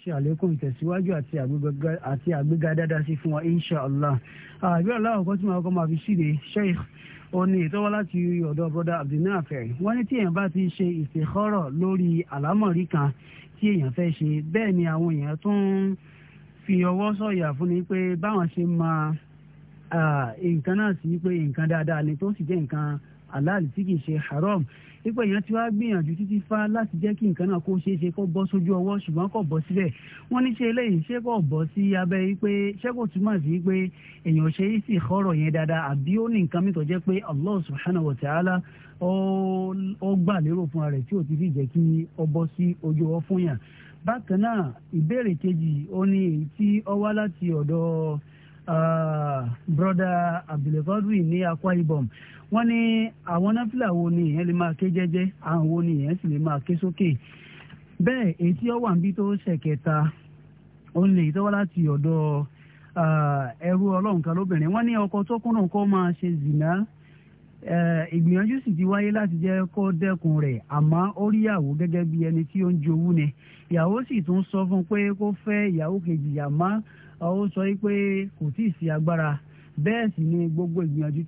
ṣe àlékún ìtẹ̀síwájú àti àgbéga dáadáa sí fún wa inshallah àgbẹ̀ aláwọ̀kọ́ tí màá kọ́ máa fi síde sheikh òní ìtọ́wọ́ láti ọ̀dọ̀ broda abdulnaafẹ́ wọ́n ní tí èèyàn bá ti ṣe ìṣèkọ́rọ̀ lórí àlámọ̀rí kan tí èèyàn fẹ́ ṣe bẹ́ẹ̀ ni àwọn èèyàn tún ń fi ọwọ́ sọ̀yà fún ni pé báwọn ṣe máa nǹkan náà sí pé nǹkan dáadáa ni tó sì jẹ́ nǹkan aláàlì tí kì í ṣe haram pípẹ́ yẹn ti wá gbìyànjú títí fá láti jẹ́ kí nǹkan náà kó ṣeé ṣe kó bọ́ sójú ọwọ́ ṣùgbọ́n kò bọ́ síbẹ̀ wọ́n ní ṣe eléyìí ṣé kò bọ́ sí abẹ́ pé ṣé kò túmọ̀ sí pé èèyàn ṣe é sì kọ́rọ̀ yẹn dáadáa àbí ó ní nǹkan mìíràn jẹ́ pé Allah subhanahu wa ta'ala ó gbà lérò fún rẹ̀ tí ò ti fi jẹ́ kí ó bọ́ sí ojú ọwọ́ fún yàn bákan náà ìbéèrè kejì ó ní èyí tí ó wá láti ọ̀dọ̀ ah, broda Abdulkadir ní Akwa Ibom wọ́n ní àwọn náfìlà wo ni ìyẹn lè máa ké jẹ́jẹ́ àwọn wo ni ìyẹn sì lè máa ké sókè bẹ́ẹ̀ èyí tí ó wà níbi tó ṣẹ̀kẹta òun lè tọ́wọ́ láti ọ̀dọ̀ ẹrú ọlọ́run kan lóbìnrin wọ́n ní ọkọ tó kúnnà kó máa ṣe zìnà ìgbìyànjú sì ti wáyé láti jẹ́ kó dẹ́kun rẹ̀ àmọ́ ó rí ìyàwó gẹ́gẹ́ bí ẹni tí ó ń jowú ni ìyàwó sì tún sọ fún pé kó fẹ́ ìyàwó kejì àmọ́ ó sọ pé kò tíì sí agbára bẹ́ẹ̀ sì ni gbogbo ìgbìyànjú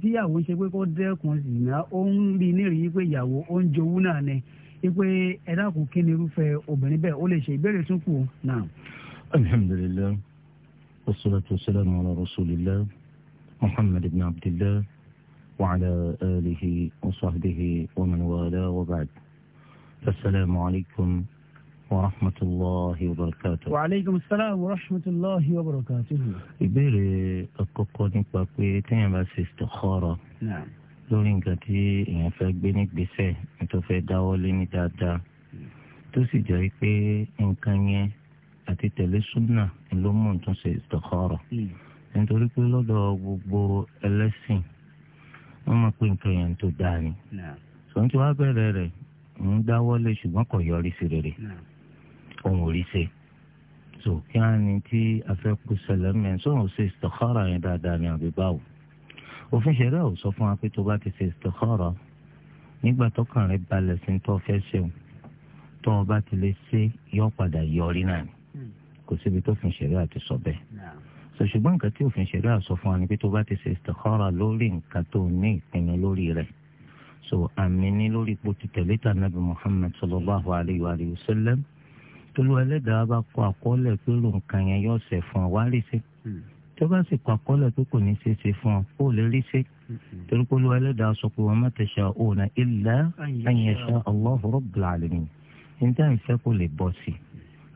tíyàwó ń ṣe pé kó dẹ́kun zìnà ó ń rí nírìí pé ìyàwó ó ń jowú náà ni wípé ẹ dákun kí ni irúfẹ́ obìnrin bẹ́ẹ̀ ó lè ṣe ìbéèrè tún kù náà. alhamdulilayi wasalaatu wasalaamu ala rasulillah muhammad ibn abdillah wa ala alihi wa sahbihi wa man wala wa ba'd. asalaamu alaykum. ورحمة الله وبركاته وعليكم السلام ورحمة الله وبركاته ìbéèrè àkọ́kọ́ nípa pé téèyàn bá ṣe istikhara lórí nǹkan tí èèyàn fẹ́ gbé nígbésẹ̀ tó fẹ́ dáwọ́lé ní dáadáa tó sì jẹ́ pé nǹkan yẹn àti tẹ̀lé súnà ló mú tó ṣe istikhara hmm. nítorí pé lọ́dọ̀ gbogbo ẹlẹ́sìn wọ́n mọ̀ pé nǹkan yẹn tó dáa ni sọ̀ńtì wá bẹ̀rẹ̀ rẹ̀ ń dáwọ́lé ṣùgbọ́n kò yọrí sí rere òun ò rí ṣe so kí á ní tí a fẹ́ kú sẹlẹ̀ mẹ́ sọ̀rọ̀ ṣe istikhara yẹn dáadáa ní àbí báwo òfin ṣẹlẹ̀ ò sọ fún wa pé tó bá ti ṣe istikhara nígbà tọkàn rẹ balẹ̀ sí tó fẹ́ ṣeun tó o bá ti lè ṣe yọ padà yọrí náà ni kò síbi tó fin ṣẹlẹ̀ àti sọ bẹ́ẹ̀ sọ ṣùgbọ́n nǹkan tí òfin ṣẹlẹ̀ àsọ fún wa ni pé tó bá ti ṣe istikhara lórí nǹkan tó ní ìpinnu lórí rẹ̀ so àmì ní lórí ipò títẹ̀lé tànàbí Muhammad sallallahu alayhi wa sallam tolú ẹlẹ́dàá bá kọ àkọọ́lẹ̀ pé nǹkan yẹn yóò ṣe fún ọ wá rí sí tó bá sì kọ àkọọ́lẹ̀ pé kò ní ṣe ṣe fún ọ kó lè rí sí torí pé olú sọ pé wa ma tasha'una illa an yasha Allahu rabbul alamin níta ìfẹ́ kò lè bọ́ sí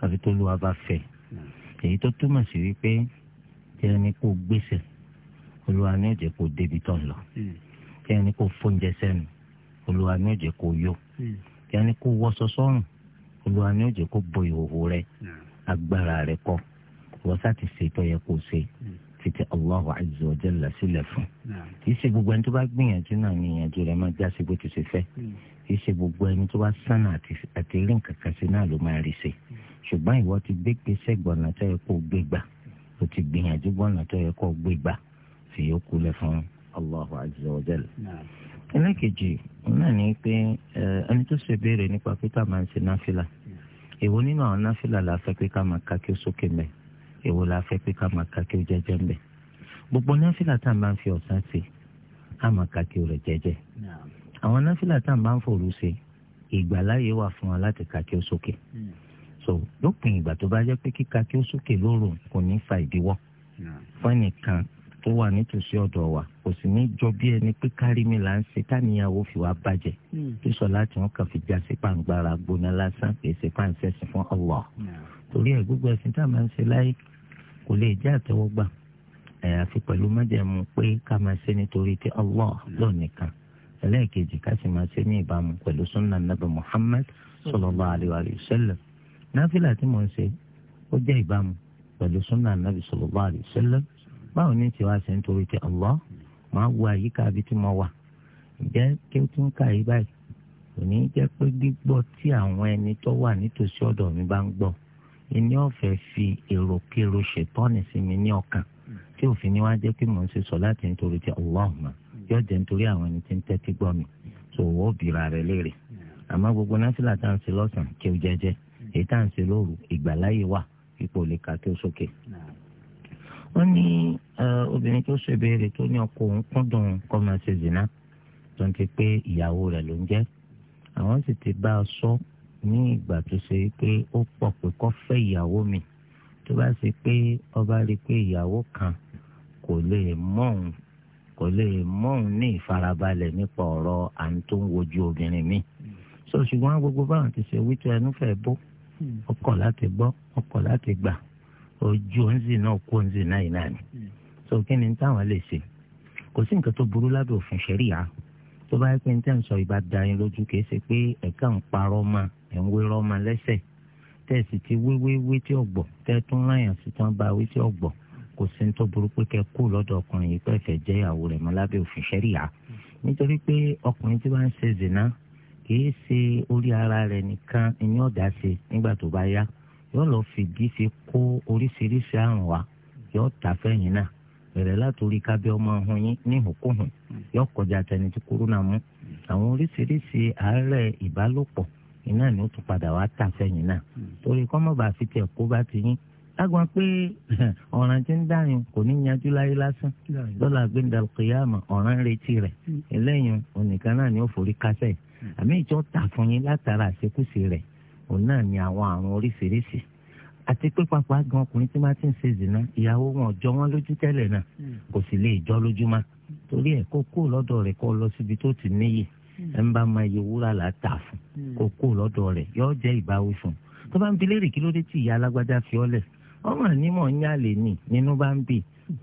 àfi tolú wa bá fẹ́ èyí tó túmọ̀ sí wípé jẹ́ ni kò gbèsè olúwa ní ọ̀jẹ̀ kò débi tán lọ jẹ́ kò fóúnjẹ sẹ́nu olúwa ní ọ̀jẹ̀ kò yó jẹ́ kò wọ́sọ sọ́run olúwa ni ó jẹ́ kó bo ìhòhò rẹ hmm. agbára rẹ kọ́ wọ́n sá ti ṣe tó yẹ kó ṣe hmm. títí Allahu azza wa jalla sílẹ̀ fún. Hmm. kì í ṣe gbogbo ẹni tó bá gbìyànjú náà ní ìyànjú rẹ̀ máa já sí bó ti ṣe fẹ́. kì í ṣe gbogbo ẹni tó bá sànà àti rí nǹkan kan sí náà ló máa rí ṣe. ṣùgbọ́n ìwọ ti gbé gbèsè gbọ̀nà tó yẹ kó gbé gbà o ti gbìyànjú gbọ̀nà tó yẹ kó gbé gbà fi yókù lẹ̀ fún Allahu azza wa jalla ẹlẹ́kejì náà ni pé ẹni tó ṣe béèrè nípa pé ká máa ń ṣe náfìlà èwo nínú àwọn náfìlà la fẹ́ pé ká máa ka kí ó sókè mbẹ èwo la fẹ́ pé ká máa ka kí ó jẹ́jẹ́ mbẹ gbogbo náfìlà tá à ń bá ń fi ọ̀sán ṣe á máa ka kí ó rẹ̀ jẹ́jẹ́ àwọn náfìlà tá à ń ń fòru ṣe ìgbàláyè wà fún wa láti ka kí ó sókè so lópin ìgbà tó bá jẹ́ pé kíka kí ó sókè lóru kò ní fa ìdíwọ́ fún ẹnìkan tó wà nítòsí ọ̀dọ̀ wa kò sì ní jọ bí ẹni pé kárí mi là ń ṣe táníyàwó fi wá bàjẹ́ tí sọlá tí wọn kàn fi já sí pàǹgbára gbóná lásán kì í ṣe fún Allah torí ẹ̀ gbogbo ẹ̀sìn tá a máa ń ṣe láyé kò lè jẹ́ àtẹ́wọ́gbà àyàfi pẹ̀lú májẹ̀mú pé ká máa ṣe nítorí tí Allah lónìkan ẹlẹ́ẹ̀kejì ká sì máa ṣe ní ìbámu pẹ̀lú sunna nabi Muhammad sallallahu alayhi wa sallam náfìlà tí mo ń ṣe nabi sallallahu alayhi wa báwo ni tiwa ṣe ń torí ti Allah máa wo àyíká àbí tí mo wà ǹjẹ́ kí tún kà yí báyìí kò pé gbígbọ́ tí àwọn ẹni tó wà nítòsí ọ̀dọ̀ mi bá ń gbọ́ ìní ọ̀fẹ́ fi èròkèrò ṣètọ́ni sí mi ní ọkàn tí òfin ni wàá jẹ́ mò ń sọ láti nítorí yóò jẹ́ nítorí àwọn ẹni tí ń tẹ́tí gbọ́ mi tó wọ́ bìrà gbogbo tá à ń ṣe lọ́sàn-án kí jẹ́jẹ́ èyí tá à ń wọ́n ní obìnrin tó ṣe béèrè tó ní ọkọ òun kúndùn kọ́ máa ṣe zina tó ń ti pé ìyàwó rẹ̀ ló ń jẹ́ àwọn sì ti bá a sọ ní ìgbà tó ṣe pé ó pọ̀ pé kọ́ fẹ́ ìyàwó mi tó bá ṣe pé ọba rí i pé ìyàwó kan kò lè mọ̀ òun kò lè mọ̀ òun ní ìfarabalẹ̀ nípa ọ̀rọ̀ à ń tó ń wojú obìnrin mi so ṣùgbọ́n gbogbo báwọn ti ṣe wí tó ẹnu fẹ́ bó ọkọ̀ hmm. láti gbọ́ ọkọ̀ láti gbà ojú òǹzì náà kú òǹzì náà yìí náà ni so kí ni táwọn lè ṣe kò sí nǹkan tó burú lábẹ́ òfin ṣẹ̀ríà tó bá yẹ pé níta ń sọ ìbá da yín lójú kìí ṣe pé ẹ̀ka ń parọ́ ma ẹ̀ ń wérọ́ ma lẹ́sẹ̀ tẹ́ ẹ̀ sì ti wéwéwé tí ọ̀gbọ̀ tẹ́ ẹ tún ráyàn sí tán bá wé tí ọ̀gbọ̀ kò sí tó burú pé kẹ́ kú lọ́dọ̀ ọkùnrin yìí pẹ́ fẹ́ jẹ́ ìyàwó rẹ̀ mọ́ lábẹ́ òfin ṣẹ̀ríà nítorí pé ọkùnrin tí wọ́n ń ṣe zìnà kìí ṣe orí ara rẹ̀ nìkan ni ọ̀dà ṣe nígbà tó bá yá yóò lọ fìdí ṣe kó oríṣiríṣi àrùn wa yóò tà fẹ́yìn náà bẹ̀rẹ̀ látòrí kábẹ́ ọmọ ọ̀hún yín ní ìhòkóhùn yóò kọjá tẹni tí kúrúnà mú àwọn oríṣiríṣi àárẹ̀ ìbálòpọ̀ iná ni ó tún padà wá tà fẹ́yìn náà torí kọ́mọ̀bà fi tiẹ̀ kó bá ti yín lágbọn pé ọ̀ràn tí ń dárin kò ní yanjú láyé lásán lọ́la gbẹ̀ndàlùkìyàmọ̀ ọ̀ràn retí rẹ̀ eléyìí onìkan náà ni ó forí kásẹ̀ àmì ìjọ tà fún yín látara àṣekúṣe rẹ̀ òun náà ni àwọn àrùn oríṣiríṣi àti pé pàápàá gan ọkùnrin tí máa ti ń ṣe zina ìyàwó wọn jọ wọn lójú tẹ́lẹ̀ náà hmm. kò sì lè jọ lójú má torí ẹ̀ kó kó lọ́dọ̀ rẹ̀ kó lọ síbi tó ti níyì hmm. ẹ̀ ń bá máa yẹ wúrà là tà fún hmm. kó kó lọ́dọ̀ rẹ̀ yọ jẹ́ ìbáwí fún tó bá ń bi léèrè kí ló dé tí ìyá alágbádá fi ọ́ lẹ̀ ọmọ ní mò ń yàlè nì nínú bá ń bì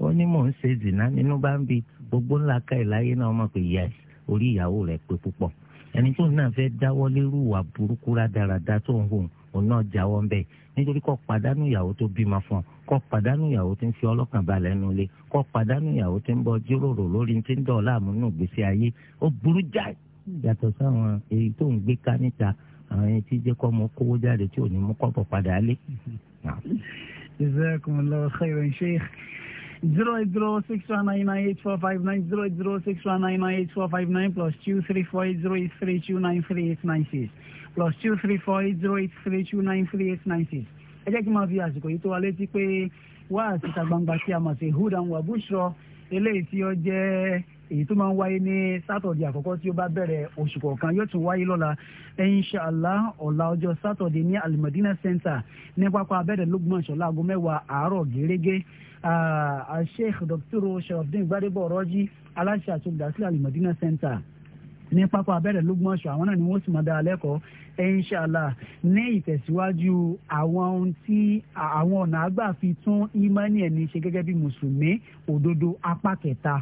ó ní mò ń ṣe zina nínú bá ń bì gbogbo ńlá ká ìláyé náà ọmọ pé ìyá orí ìyàwó rẹ̀ pé púpọ̀ ẹni tó náà fẹ́ dáwọ́ lérú wà burúkú rádaràda tó ń hùn òun náà jáwọ́ ń bẹ̀ nítorí kó pàdánù ìyàwó tó bímọ fún ọ kó pàdánù ìyàwó tó ń fi ọlọ́kàn balẹ̀ nù lé kó pàdánù ìyàwó tó ń bọ jíròrò lórí tí ń dọ̀ọ́lá àmúnú gbèsè ayé ó burú jáì yàtọ̀ sáwọn èyí tó ń gbé ká níta àwọn ẹni tí jẹ́ kọ́ mọ kówó jáde tí ò ní mú kọ́ bọ̀ padà lé. jazakumullahu khairan sheikh zero zero six one nine nine eight four five nine zero zero six one nine nine eight four five nine plus two three four eight zero eight three two nine three eight nine six plus two three four zero eight three two nine three eight nine six ẹ jẹ́ kí n máa fi àsìkò yìí tó wa létí pé wá àtìta gbangba tí a mọ̀ sí hudan wa bushra eléyìí tí ó jẹ́ èyí tó máa ń wáyé ní sátọ̀dẹ̀ àkọ́kọ́ tí ó bá bẹ̀rẹ̀ oṣù kọ̀ọ̀kan yóò tún wáyé lọ́la inshàlá ọ̀la ọjọ́ sátọ̀dẹ̀ ní alimadina center ní pápá abẹ́rẹ́ lógúnmọ̀ṣọ́ láago mẹ́wàá àárọ̀ gẹ́gẹ́ sheikh dr sharafdin gbadebo ọrọjí aláṣẹ àti olùdásílẹ̀ alimọdínà center ní pápá abẹ́rẹ́ lógúnmọ̀ṣọ́ àwọn náà ni wọ́n sì máa dára lẹ́kọ̀ọ́ inshallah ní ìtẹ̀síwájú àwọn ohun tí àwọn ọ̀nà àgbà fi tún ìmánì ẹni ṣe gẹ́gẹ́ bí mùsùlùmí òdodo apá kẹta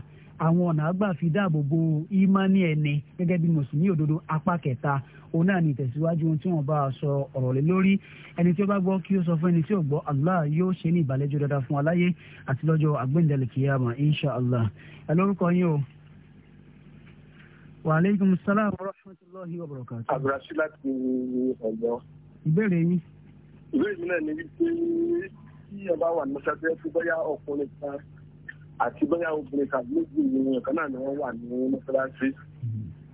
àwọn ọ̀nà àgbà fi dáàbò bo ìmánì ẹni gẹ́gẹ́ bí mùsùlùmí òdodo apá kẹta òun náà ní ìtẹ̀síwájú ohun tí wọ́n bá sọ ọ̀rọ̀ lé lórí ẹni tí ó bá gbọ́ kí ó sọ fún ẹni tí ò gbọ́ allah yóò ṣe ní ìbàlẹ́jọ́ dáadáa fún aláyé àti lọ́jọ́ àgbéǹdẹ̀lẹ̀ kìyàmà insha allah ẹ lórúkọ yín o. wa aleykum salaam wa rahmatulahi wa barakatu. abdulrasheed láti ọ̀yọ́. ìbéèrè ni wípé tí ẹ bá wà ní mọ́ṣáláṣí bóyá àti bóyá obìnrin tàbí méjì ni ọ̀kan náà ni wọ́n wà ní mọ́ṣáláṣí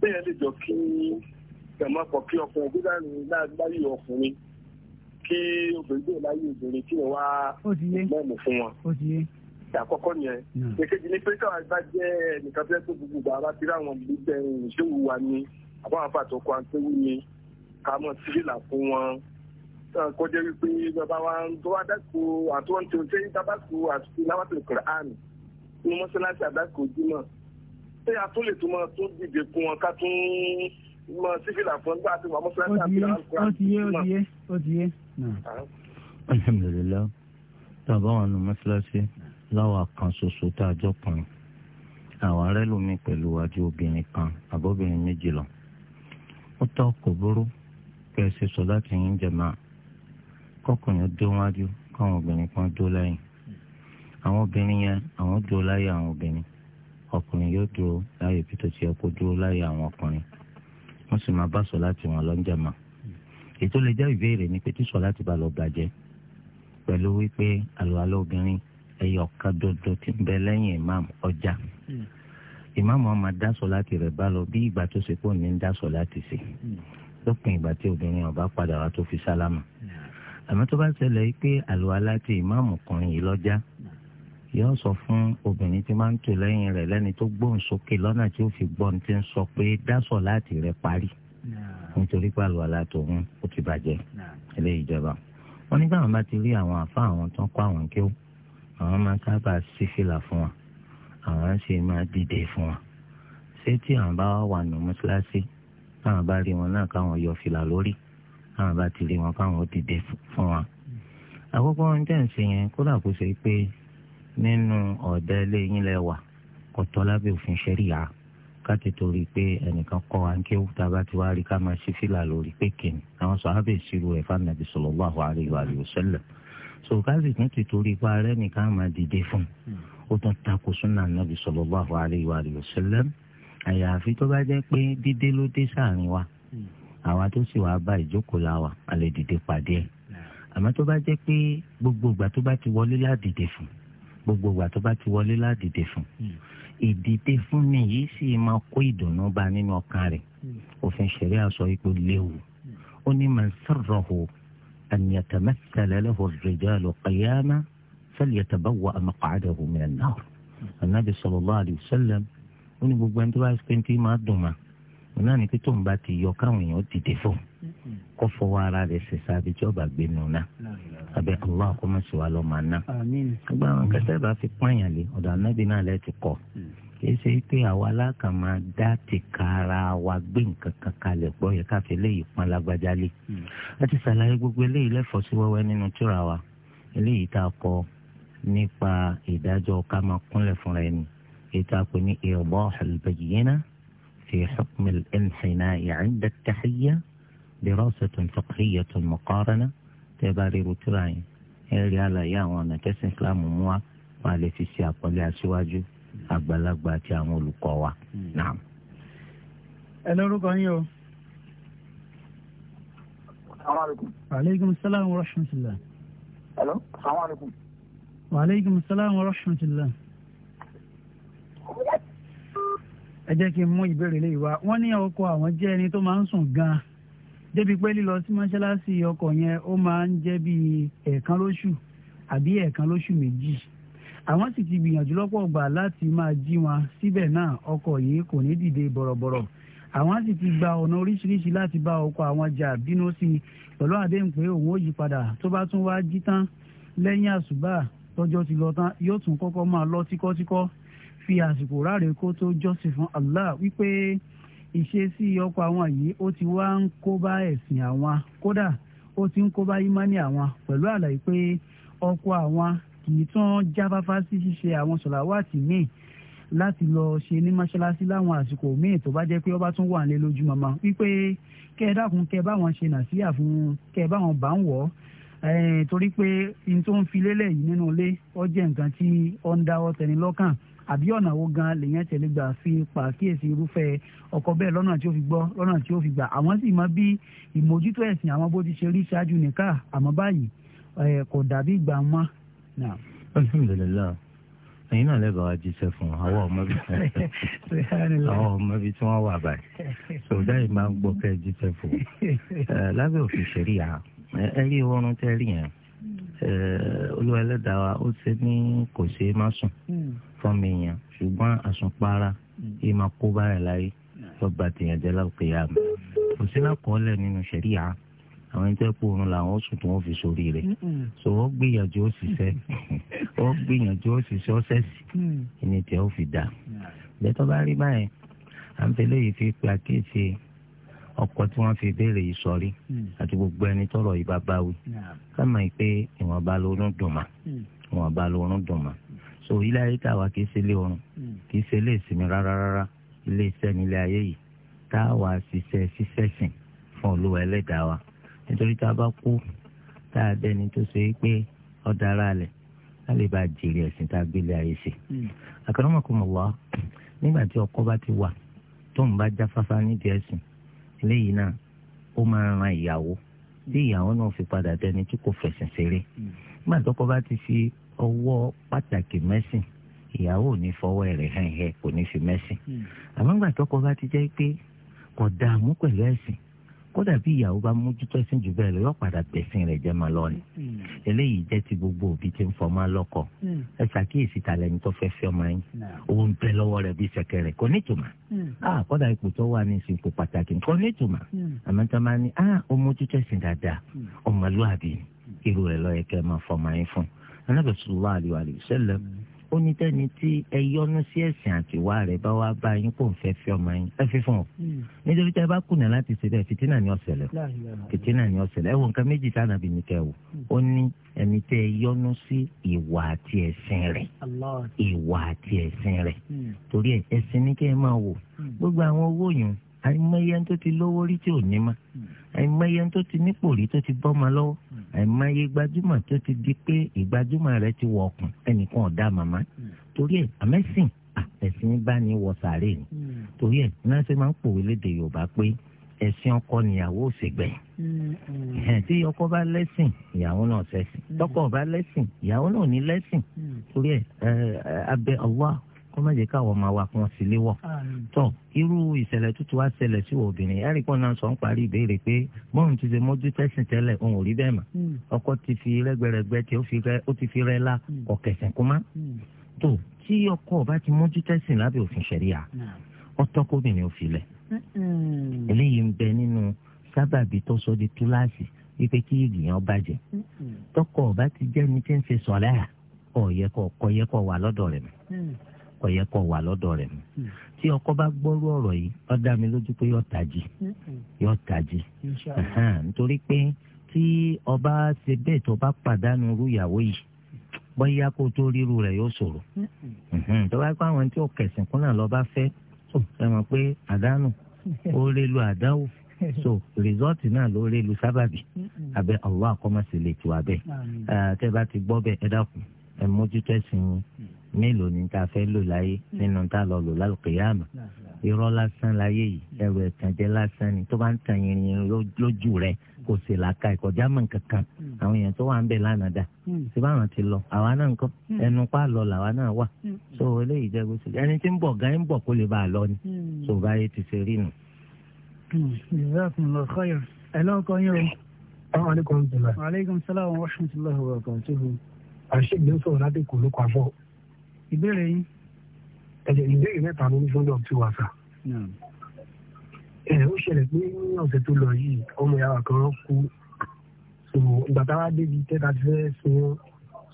bẹ́ẹ̀ lè jọ kí tẹ̀mọ́ pọ̀ kí ọkùnrin gbígbà ní láàgbáyé ọkùnrin kí obìnrin dè láyé obìnrin kí wọ́n wá mọ́ọ̀mù fún wọn àkọ́kọ́ nìyẹn èkejì ni pé káwọn bá jẹ́ nìkan fẹ́ tó gbogbo gbà bá ti ráwọn gbígbẹ́ ìṣòwò wa ni àbáwọn fàtọ́ kó àǹtẹ́wò ni ká mọ̀ sílẹ̀ fún wọn kọjá wípé bàbá wa tó wá dákú àtúntò ṣé dábàkú àti lábàtò kùrán ní mọ́ṣáláṣí àdákò ojúmọ̀ ṣé a tún lè tún máa tún dìde fún wọn ká tún mọ sífìlà fún nígbà tí wà mọ́ṣáláṣí àbílà àkùrà ojúmọ̀. ó ti yé alhamdulilayi tàbá wà nù mọ́ṣáláṣí láwa kan ṣoṣo tá a jọ pọn àwọn arẹ́lùmí pẹ̀lú wájú obìnrin kan àbóbìnrin méjì lọ ó tọ́ kò burú kẹ́ ẹ ṣe sọ láti yín jẹ̀máà kọkùnrin dó wájú káwọn obìnrin kan dó lẹ́yìn àwọn obìnrin yẹn àwọn dúró láyé àwọn obìnrin ọkùnrin yóò dúró láyé ibi tó ti yẹ kó dúró láyé àwọn ọkùnrin wọ́n sì máa bá sọ láti wọn lọ́njà mà ètò lè jẹ́ ìbéèrè ni pé tí sọ láti bá lọ bàjẹ́ pẹ̀lú wípé àlùhàlà obìnrin ẹ̀yọ̀ ọ̀kan dodo ti ń bẹ lẹ́yìn ìmáàmù ọjà ìmáàmù ọmọ dá sọ láti rẹ̀ bá lọ bí ìgbà tó ṣe pé òní ń dá sọ láti ṣe lópin ìgbà tí obìnrin ọba padà wá tó fi sálámà àmọ́ tó bá ṣẹlẹ̀ pé àlùhàlà ti ìmáàmù kùnrin yìí lọ́jà yóò sọ fún obìnrin tí máa ń tò lẹ́yìn rẹ̀ lẹ́ni tó gbóhùn sókè lọ́nà tí ó fi gbọ́n ti ń sọ pé dásọ̀ láti rẹ̀ parí nítorí pàlọ́ alátòun ó ti bàjẹ́ ilé ìjọba wọn nígbà wọn bá ti rí àwọn àfa àwọn tó ń kọ́ àwọn kí ó àwọn máa sábà sí fìlà fún wa àwọn sì máa dìde fún wa ṣé tí àwọn bá wà nù mọ́ṣáláṣí táwọn bá rí wọn náà káwọn yọ fìlà lórí táwọn bá ti rí wọn káwọn dìde fún wa àkókò oúnjẹ ń yẹn kódà kó ṣe pé nínú ọ̀dẹ́ ilé yín lẹ́wà kò tọ́ lábẹ́ òfin ṣẹ́ríyà káti torí pé ẹnìkan kọ́ wa ń ké wúta bá ti wá rí ká máa ṣí fìlà lórí pé kìnnì àwọn sàhábà ìṣirò ẹ̀ fànàbí sallallahu alaihi wa sallam so káàsì tún ti torí pa rẹ́ nìkan máa dìde fún hmm. ó tún takò súnà nàbì sallallahu alaihi wa sallam àyàfi tó bá jẹ́ pé dídé ló dé sáàrin wa hmm. àwa tó sì wàá bá ìjókòó la wa a lè dìde pàdé ẹ̀ àmọ́ tó bá jẹ́ pé gbogbo ìgbà tó bá ti wọlé ládìde fún gbogbo ìgbà tó bá ti wọlé ládìde fún hmm. ìdìde fún mi yìí sì máa kó ìdùnnú bá nínú ọkàn rẹ̀ hmm. òfin ṣẹlẹ àṣọ ipò léwu hmm. ó ní man sarrahu an yatamassala lahu ar-rijalu qiyama falyatabawwa' maq'adahu min an-nar Ànábì sallallahu alayhi wa sallam ó ní gbogbo ẹni tó bá ṣe pé ní tí máa dùn máa náà ni pé tóun bá ti yọ káwọn èèyàn dìde fún mm-hmm. kó fọwọ́ ara rẹ̀ ṣe sábẹ́ gbé nù abẹ́ allah kó má ṣe wà lọ́ máa ná. gbogbo àwọn kẹsẹ́ bá fi pọ́nyàn lé ọ̀dọ̀ anábì náà lẹ́ ti kọ́ mm. kì í ṣe pé àwa aláka máa dá tìka ara wa gbé nǹkan kan kalẹ̀ gbọ́ yẹ ká eléyìí pọ́n lágbájá lé. Mm. a ti ṣàlàyé gbogbo eléyìí lẹ́fọ̀ọ́ sí wẹ́wẹ́ nínú tírà wa eléyìí tá a kọ nípa ìdájọ́ ká máa kúnlẹ̀ fúnra ẹni èyí tá a pè ní ìrọ̀bọ̀ àlùbẹ̀yìn náà في حكم الانحناء عند التحية دراسة فقهية مقارنة تباري روتراين هيري يا وانا تسن كلام موا وعلي في سياق ولي عسواجو أقبلك باتي عمولو قوة نعم ألو غانيو السلام عليكم وعليكم السلام ورحمة الله ألو السلام عليكم وعليكم السلام ورحمة الله ẹ jẹ́ kí n mú ìbéèrè lè wá wọ́n ní ọkọ àwọn jẹ́ ẹni tó máa ń sùn gan-an débi pé lílọ sí mọ́ṣáláṣí ọkọ yẹn ó máa ń jẹ́ bíi ẹ̀ẹ̀kan lóṣù àbí ẹ̀ẹ̀kan lóṣù méjì àwọn sì ti gbìyànjú lọ́pọ̀ gbà láti máa jí wọn síbẹ̀ náà ọkọ yìí kò ní dìde bọ̀rọ̀bọ̀rọ̀ àwọn sì ti gba ọ̀nà oríṣiríṣi láti bá ọkọ àwọn jà bínú sí i pẹ̀lú àdéhùn òun ó yí padà tó bá tún wá jí tán lẹ́yìn àṣùbà tọ́jọ́ ti lọ tán yóò tún kọ́kọ́ máa lọ tíkọ́tíkọ́ fi àsìkò ráre kó tó jọ́sìn fún Allah wípé ìṣesí ọkọ àwọn yìí ó ti wá ń kóbá ẹ̀sìn àwọn kódà ó ti ń kóbá ìmánì àwọn pẹ̀lú àlàyé pé ọkọ àwọn kì í tún jáfáfá sí ṣíṣe àwọn sọ̀làwátì míì láti lọ ṣe ní mọ́ṣáláṣí láwọn àsìkò míì tó bá jẹ́ pé ọba tún wà ní lójú mọ́mọ́ wípé kẹ́ ẹ dákun kẹ́ ẹ bá wọn ṣe nàṣíyà fún kẹ́ ẹ bá wọn bá ń wọ̀ torí pé n tó ń fi yìí nínú ilé ó jẹ́ nǹkan tí ó ń dáwọ́ tẹni lọ́kàn àbí ọ̀nà wo gan lèyàn tẹ̀lé gbà fi pàkíyèsí irúfẹ́ ọkọ bẹ́ẹ̀ lọ́nà tí ó fi gbọ́ lọ́nà tí ó fi gbà àwọn sì mọ bí ìmójútó ẹ̀sìn àwọn bó ti ṣe rí ṣáájú nìkà àmọ́ báyìí kò dàbí ìgbà mọ́. alhamdulilayi ẹyin náà lẹ́bàá wá jíṣẹ́ fún àwọn ọmọ bíi àwọn ọmọ bíi tí wọ́n wà báyìí sọ̀dá yìí máa ń gbọ́ kẹ́ jíṣẹ́ fún lábẹ́ òfin ṣẹ̀ríà ẹ rí oorun tẹ́ rí yẹn Eh, olúwa ẹlẹ́dàá wa ó ṣe ní kò ṣe é má sùn hmm. fọ́mi èèyàn ṣùgbọ́n àsùnpara yìí hmm. máa kó báyà láyé hmm. lọ́gbà tèèyàn jẹ́ láwùjọ yà mí kò sí lákọọ́lẹ̀ nínú ṣẹ̀ríà àwọn ẹni tẹ́ pé òun làwọn sùn tí wọ́n fi sórí rẹ̀ so wọ́n gbìyànjú ó ṣiṣẹ́ wọ́n gbìyànjú ó ṣiṣẹ́ ọ́sẹ̀sì ẹni tẹ́ ó fi dà bẹ́ẹ̀ tó bá rí báyẹn à ń fẹ́ lóye fi pe àkíyèsí ọkọ tí wọ́n fi béèrè yìí sọrí hmm. àti gbogbo ẹni tọrọ yìí bá báwí kámá yìí pé ìwọ̀nba lorun dùn mà hmm. ìwọ̀nba lorun dùn mà so ilé ayé tá a wà kìí ṣe ilé oorun hmm. kìí ṣe ilé ìsinmi rárá rárá ilé iṣẹ́ nílé ayé yìí tá a wà ṣiṣẹ́ ṣiṣẹ́ sìn fún olúwa ẹlẹ́dàá wa nítorí tá a bá kú tá a dẹni tó ṣe é pé ọ̀dára rẹ̀ á lè bá jèrè ẹ̀sìn tá a gbélé ayé ṣe. àkàrà ọmọkùnrin wà nígbà tí ọkọ bá ti wà tóun bá jáfáfá nídìí ẹ̀sìn léyìí náà ó máa ran ìyàwó tí ìyàwó náà fi padà dẹni tí kò fẹ̀sìn ṣeré nígbà tó kọ́ bá ti fi ọwọ́ pàtàkì mẹ́sìn ìyàwó ò ní fọwọ́ rẹ̀ hẹ́hẹ́ kò ní fi mẹ́sìn hmm. àmọ́ nígbà tó kọ́ bá ti jẹ́ pé kò dààmú pẹ̀lú ẹ̀sìn kódà bí ìyàwó bá mójútó ẹ̀sìn jù bẹ́ẹ̀ lọ yóò padà bẹ̀sìn rẹ̀ jẹ́ máa lọ ni hmm. eléyìí jẹ́ ti gbogbo òbí tí ń fọmọ lọ́kọ hmm. ẹ ṣàkíyèsí talẹ́ni tó fẹ́ fẹ́ ọmọ yín òun bẹ lọ́wọ́ rẹ̀ bí ṣẹ̀kẹ̀rẹ̀ kò ní ah kódà ipò tó wà ní ìsìnkú pàtàkì kò ní ìtumọ̀ àmọ́ ah ó mójútó ẹ̀sìn dáadáa ọmọlúwàbí irú rẹ̀ ló yẹ kẹ́ máa fọmọ yín fún ó ní tẹ́ni tí ẹ yọnu sí ẹ̀sìn àtiwá rẹ̀ bá wá bá yín kó n fẹ́ fi ọmọ yín ẹ fi fún ọ. Hmm. nítorí tí a bá kùnà láti ṣe bẹ́ẹ̀ fìtínà ni ó ṣẹlẹ̀ fìtínà ni ó ẹ wo nǹkan méjì sáà nàbì ní kẹ́ wò hmm. ó ní ẹni tẹ́ ẹ yọnu sí ìwà àti ẹ̀sìn rẹ̀ ìwà àti ẹ̀sìn rẹ̀ hmm. torí ẹ̀sìn ní kẹ́ ẹ máa wò gbogbo àwọn owó yẹn àìmọye tó ti lówó rí tí ò ní ma hmm. àìmọye tó ti nípò rí tó ti bọ́mọ lọ́wọ́ hmm. àìmọye gbajúmọ̀ tó ti di pé ìgbajúmọ̀ rẹ ti wọ ọkùn ẹnìkan ọ̀dà màmá hmm. torí ẹ̀ àmẹ́sìn ẹ̀sìn bá ní wọ sàárè ni torí ẹ̀ náà ṣe máa ń pòwe lédè Yorùbá pé ẹ̀sìn ọkọ níyàwó òṣègbè ẹ̀ tí ọkọ bá lẹ́sìn ìyàwó náà ṣẹ̀sìn tọkọ bá lẹ́sìn ìyàwó náà ní lẹ́sìn torí ẹ̀ abẹ́ Allah kó má jẹ́ káwọn máa wà kí wọ́n sì léwọ̀. tó irú ìṣẹ̀lẹ̀ tuntun wá ṣẹlẹ̀ sí obìnrin ẹ̀rí kan náà sọ ń parí ìbéèrè pé bọ́ọ̀n ti ṣe mójú tẹ́sìn tẹ́lẹ̀ òun ò rí bẹ́ẹ̀ mà hmm. ọkọ ti fi rẹ́gbẹ̀rẹ́gbẹ́ tí ó ti fi rẹ́ la ọ̀kẹ̀sẹ̀ kó má. tó tí ọkọ bá ti mójú tẹ́sìn lábẹ́ òfin ṣẹ̀ríà ọtọ́ kóbìnrin ò filẹ̀ eléyìí ń bẹ nínú sábàbí tó sọ di túláàsì wípé kí ìgbìyàn bàjẹ́ tọkọ ọba ti jẹ́ ni tí ń ṣe sọ̀lẹ́ kò yẹ kó wà lọ́dọ̀ rẹ̀ mọ́ hmm. tí ọkọ bá gbọ́rú ọ̀rọ̀ yìí ó dá mi lójú pé yóò tají hmm. yóò tají nítorí pé tí ọba ṣe bẹ́ẹ̀ tó bá pàdánù irú ìyàwó yìí bóyá kó tó ríru rẹ̀ yóò ṣòro hmm. tó bá pa àwọn tí ò kẹ̀sìn kúnlẹ̀ lọ́ba fẹ́ ẹ mọ̀ pé àdánù ó lè lu àdánwò so result náà ló lè lu sábàbí abẹ ọwọ́ àkọ́mọ́sí lè tu abẹ tẹ́ bá ti gbọ́ bẹ́ẹ̀ ẹ dákun ẹ mójútó ẹ̀sìn yín mélòó ni tá a fẹ́ lò láyé nínú tá a lọ lò lálùkìyàmà irọ́ lásán láyé yìí ẹ̀rọ ìtànjẹ lásán ni tó bá ń tàn yín lójú rẹ kò sì làákà ìkọjá mọ̀ kankan hmm. àwọn èèyàn tó wà ń bẹ̀ lánàá dà tí hmm. báwọn ti lọ àwa náà ńkọ́ hmm. ẹnu pa lọ làwa náà wà so eléyìí jẹ́ gbèsè ẹni tí ń bọ̀ gan ń bọ̀ kó lè bá a lọ ni so báyé ti ṣe rí nu. jazakumullahu khairan ẹ̀ lọ́kọ̀ láti kò ló kọ àbọ̀ ìbéèrè yín. ẹ̀jẹ̀ ìbéèrè mẹ́ta mo ní fún dọ́ọ̀tì wa sà. ẹ̀ ó ṣẹlẹ̀ pé ní ọ̀sẹ̀ tó lọ yìí ọmọ yàrá kan kú ìgbà táwa débi tẹ́ta ti fẹ́ sin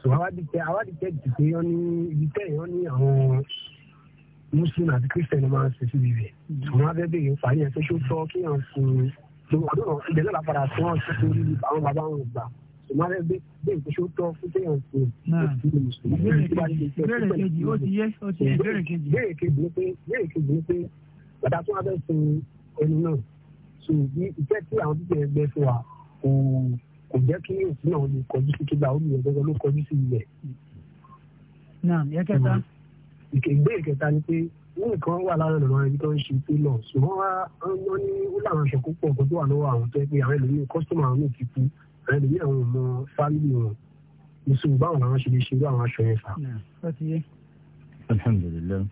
wọn àwádìíkẹ́ àwádìíkẹ́ dìde yọ ní ibi tẹ́ yọ ní àwọn muslim àti christian máa ń ṣe síbi rẹ̀ mm. ṣùgbọ́n abẹ́bẹ̀ yóò fà yẹn pé ṣó tọ́ kí wọ́n sin lóhùn làpàdà tí wọ́n ṣe sórí àwọn bàbá wọn gbà mùsùlùmí bí bí nǹkan ṣe tọ́ fún kéèyàn kò sí mùsùlùmí. béèrè kejì ó ti yé ó ti yé béèrè kejì. béèrè kejì ni pé béèrè kejì ni pé bàtà tó wà bẹ́ẹ̀ sin ẹni náà so bí ìfẹ́ tí àwọn tó tẹ̀lé gbẹ fún wa kò kò jẹ́ kí òkú náà lè kọjú sí kígbà ó lè gbẹgbẹ ló kọjú sí ilẹ̀. náà yẹ kẹta. ìbéèrè kẹta ni pé ní nǹkan wà lára ọ̀nà ẹni tó ń ṣe pé lọ ṣùgbọ́n wọ́n ní ó làwọn aṣọ púpọ̀ nǹkan tó wà lọ́wọ́ àwọn tó yẹ pé àwọn ẹlòmíràn kọ́sítọ́mù àwọn míì ti kú ẹni ní àwọn ọmọ fámìlì wọn ìṣòwò báwọn àwọn ṣe lè ṣe irú àwọn aṣọ yẹn fà. alhamdulilayi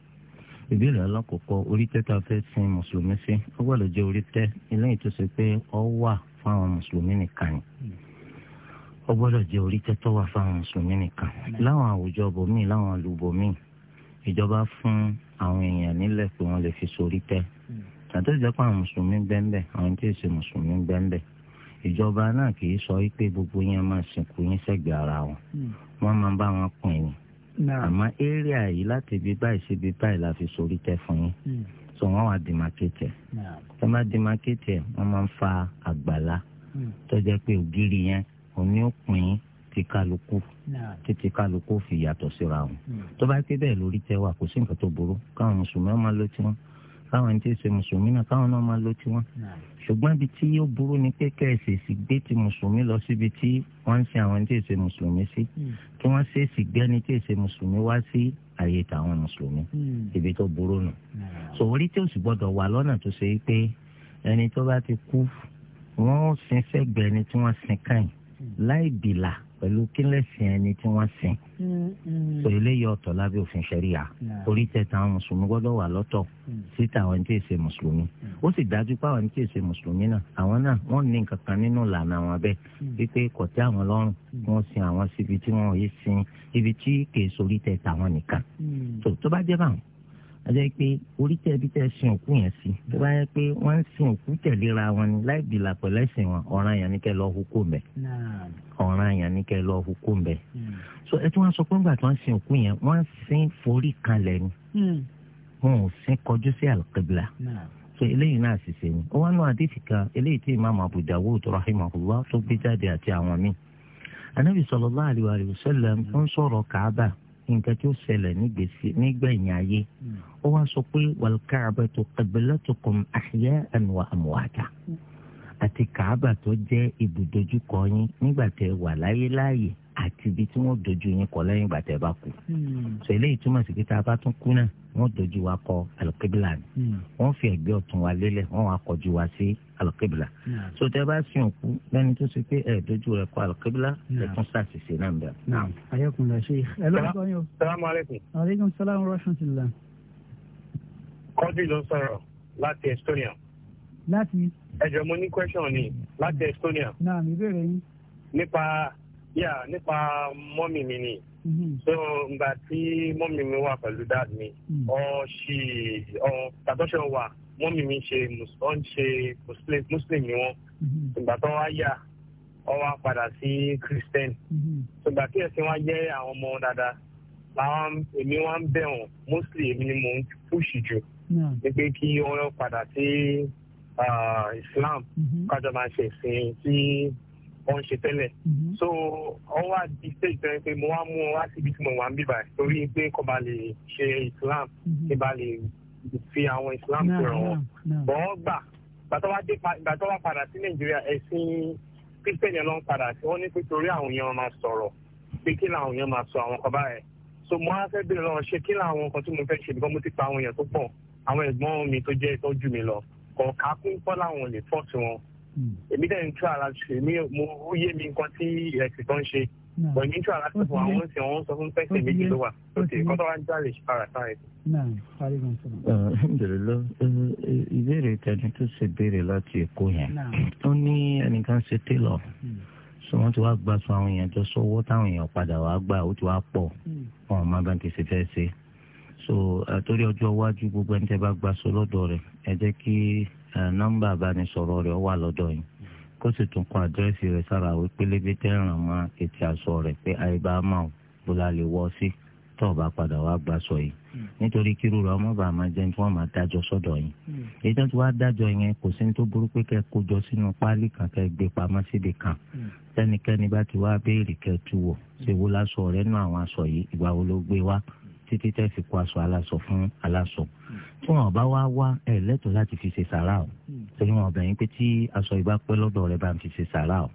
ìbéèrè alákọ̀ọ́kọ́ orí tẹ́ tá a fẹ́ sin mùsùlùmí sí ó gbọ́dọ̀ jẹ́ orí tẹ́ eléyìí tó ṣe pé ó wà fún àwọn mùsùlùmí nìkan ni hmm. ó gbọ́dọ̀ jẹ́ orí tẹ́ tó wà fún àwọn mùsùlùmí nìkan hmm. láwọn àwùjọ bòmíì láwọn àlùbòmíì ìjọba fún àwọn èèyàn nílẹ̀ pé wọ́n lè fi sórí tẹ́ hmm. àtẹ́jọ́ àwọn mùsùlùmí bẹ́ẹ̀ bẹ́ẹ̀ àwọn tí ì ìjọba náà kì í sọ pé gbogbo yẹn máa sìnkú yín sẹ́gbẹ̀ẹ́ ara wọn hmm. wọ́n máa bá wọn pín ni àmọ́ area yìí láti ibi báyìí sí ibi báyìí la fi sórí tẹ fún yín hmm. so wọ́n wá dìmákétì ẹ̀ tó bá dìmákétì ẹ̀ wọ́n máa ń fa àgbàlá hmm. tó jẹ́ pé ògiri yẹn òní òpin yín ti kálukú títí kálukú fi yàtọ̀ síra wọn. tó bá ké bẹ́ẹ̀ lórí tẹ wa kò sí nǹkan tó burú káwọn mùsùlùmí máa ló tiwọn fáwọn ẹni tí ń ṣe mùsùlùmí náà káwọn náà máa lo tiwọn ṣùgbọ́n ibi tí yóò burú ni pé kẹ́ẹ̀sì sì gbé ti mùsùlùmí lọ síbi tí wọ́n ń ṣe àwọn ẹni tí ń ṣe mùsùlùmí sí hmm. kí wọ́n ṣe sì gbé ẹni tí ń ṣe mùsùlùmí wá sí àyè tàwọn mùsùlùmí hmm. ibi tó burú nù. sọ orí tí ó sì gbọdọ̀ wà lọ́nà tó ṣe pé ẹni tó bá ti kú wọ́n ó sin sẹ́gbẹ̀ẹ́ tí wọ́n sin káyìn pẹ̀lú kílẹ̀sìn ẹni tí wọ́n sìn. Mm, mm. sọ eléyìí ọ̀tọ̀ lábẹ́ òfin ṣẹ̀ríà orí tẹ̀tà àwọn mùsùlùmí gbọ́dọ̀ wà lọ́tọ̀ mm. síta àwọn tí èsè mùsùlùmí. ó sì dájú pé àwọn tí èsè mùsùlùmí náà àwọn náà wọ́n ní nǹkan kan nínú ìlànà àwọn abẹ́ wípé kò tẹ́ àwọn lọ́rùn wọ́n sin àwọn síbi tí wọ́n yé sin ibi tí kèé sorí tẹ̀tà àwọn nìkan. tó bá jẹ́ báwọn ajẹ́ pé orí tẹ̀bi tẹ̀ sin òkú yẹn sí tó bá yẹ pé wọ́n ń sin òkú tẹ̀léra wọn ni láì bìlà pẹ̀lẹ́ sìn wọn ọ̀ràn yẹn ni kẹ́ lọ́ọ́ hu kó mbẹ́ ọ̀ràn yẹn ni kẹ́ lọ́ọ́ hu kó mbẹ́ hmm. so ẹ tí wọ́n sọ pé ńgbà tí wọ́n sin òkú yẹn wọ́n sin forí kanlẹ̀ ni hmm. wọn ò sin kọjú sí àlùkìbìlà so eléyìí náà sì ṣe ni ó wá nù àdéhìí kan eléyìí tí imáàmù Abu Dawud rahimahullah tó gbé jáde àti àwọn míì Ànábì sallallahu alaihi wa sallam ń sọ̀rọ̀ Kaaba nǹkan tí ó ṣẹlẹ̀ nígbẹ̀yìn ayé hmm. ó wá sọ pé wal ka'batu qiblatukum ahya'an wa amwata. Hmm àti kàábà tó jẹ́ ibùdójúkọ yín nígbà tẹ́ wà láyé láàyè àti ibi tí wọ́n dojú yín kọ lẹ́yìn ìgbà tẹ́ bá kú. Hmm. sọ eléyìí túmọ̀ sí pé tá a bá tún kú náà wọ́n dojú wa kọ alùkébìlà ni hmm. wọ́n fi ẹ̀gbẹ́ ọ̀tún wa lélẹ̀ wọ́n wá kọjú wa sí alùkébìlà. Hmm. sọ tẹ́ bá sin òkú lẹ́ni tó ṣe pé ẹ̀ dojú rẹ̀ kọ alùkébìlà ẹ̀ tún ṣàṣìṣe náà bẹ̀rẹ̀. ayọ̀kùnrin ẹ lọ́wọ́ sọ́yìn o. salaamaleykum. aleykum láti. ẹjọ mo ní question ni láti Estonia. náà mi bèrè yín. nípa yà nípa mọ́mì mi ni. Mhm. so ngbà tí mọ́mì mi wà pẹ̀lú dad mi. Mhm. ọ ṣì ọ tàtọ́ṣọ wà mọ́mì mi ṣe ọ ń ṣe muslim ni wọ́n. Mhm. ìgbà tó wá yà ọ wá padà sí christian. ìgbà tí ẹ̀sìn wa jẹ́ àwọn ọmọ dáadáa làwọn èmi wá ń bẹ̀ wọ́n mostly èmi ni mò ń fúṣì jù. ní pé kí wọ́n padà sí. Islam mhm. kájọ máa ṣe ìsìn tí wọ́n ń ṣe tẹ́lẹ̀ mhm. so ọ wá di stage tó yẹ pé mo wá mú ọ wá síbi tí mo wà ń bíbà torí pé kò bá lè ṣe Islam mhm. kí bá lè fi àwọn Islam tó ràn wọ́n bọ́ ọ gbà ìgbà tó wá padà sí Nàìjíríà ẹ̀sìn Christian yẹn ló ń padà sí wọ́n ní pé torí àwọn èèyàn máa sọ̀rọ̀ pé kí làwọn èèyàn máa sọ àwọn kan báyẹn so mo á fẹ́ bèrè lọ́wọ́ ṣé kí làwọn kan tí mo fẹ́ ṣe bí wọ́n mo ti pa àwọn èèyàn tó pọ̀ àwọn ẹ̀gbọ́n mi tó jẹ́ ìtọ́jú mi lọ kan kakún kọ́ làwọn lè fọ́ sí wọn hmm. èmi dẹ̀ ń tú ara ṣe mi mo yé mi nǹkan tí ẹ̀sìn kan ṣe hmm. bọ̀ èmi ń tú ara ṣe fún hmm. àwọn oṣù àwọn sọ fún pẹ́sẹ̀ méjì ló wà lókè kọ́ tó wá ń jáde ṣe para sáré. Ah, alhamdulilayi eh, eh, ìbéèrè tẹni tó ṣe béèrè láti èkó yẹn ó ní ẹnìkan ṣe télọ̀ so wọn ti wá gba sọ àwọn èèyàn jọ sọ́wọ́ táwọn èèyàn padà wá gbà ó ti wá pọ̀ wọn ò má bá ti ṣe fẹ́ ṣe so àtòrí ọjọ́ iwájú gbogbo ẹni tẹ́ bá gbaṣọ lọ́dọ̀ rẹ̀ ẹ jẹ́ kí nọ́mbà ìbánisọ̀rọ̀ rẹ̀ wà lọ́dọ̀ yìí kó sì tún kọ àdírẹ́sì rẹ̀ sára àwọn pélébé tẹ́ ràn mọ́ etí aṣọ rẹ̀ pé àyíbá máa bó la lè wọ́ sí tó o bá padà wá gbaṣọ yìí hmm. nítorí kírú rẹ̀ ọmọ bàá máa jẹ́ tí wọ́n máa dájọ́ sọ́dọ̀ yìí hmm. èyí tó ti wá dájọ́ yẹn kò sí ní tó burú pé kẹ́ kó jọ sínú páálí kan kẹ́ gbé pamọ́ síbi kan hmm. tẹ́nikẹ́ni bá ti wá béèrè kẹ́ tu wò ṣèwọ́ láṣọ rẹ̀ nú àwọn aṣọ yìí ìgbà wo ló gbé wá títí tẹ́ fi kó aṣọ aláṣọ fún aláṣọ tí wọn bá wá wá ẹ lẹ́tọ̀ọ́ láti fi ṣe sàrà o torí wọn ọbẹ̀ pé tí aṣọ ìbá pẹ́ lọ́dọ̀ rẹ bá ń fi ṣe sàrà o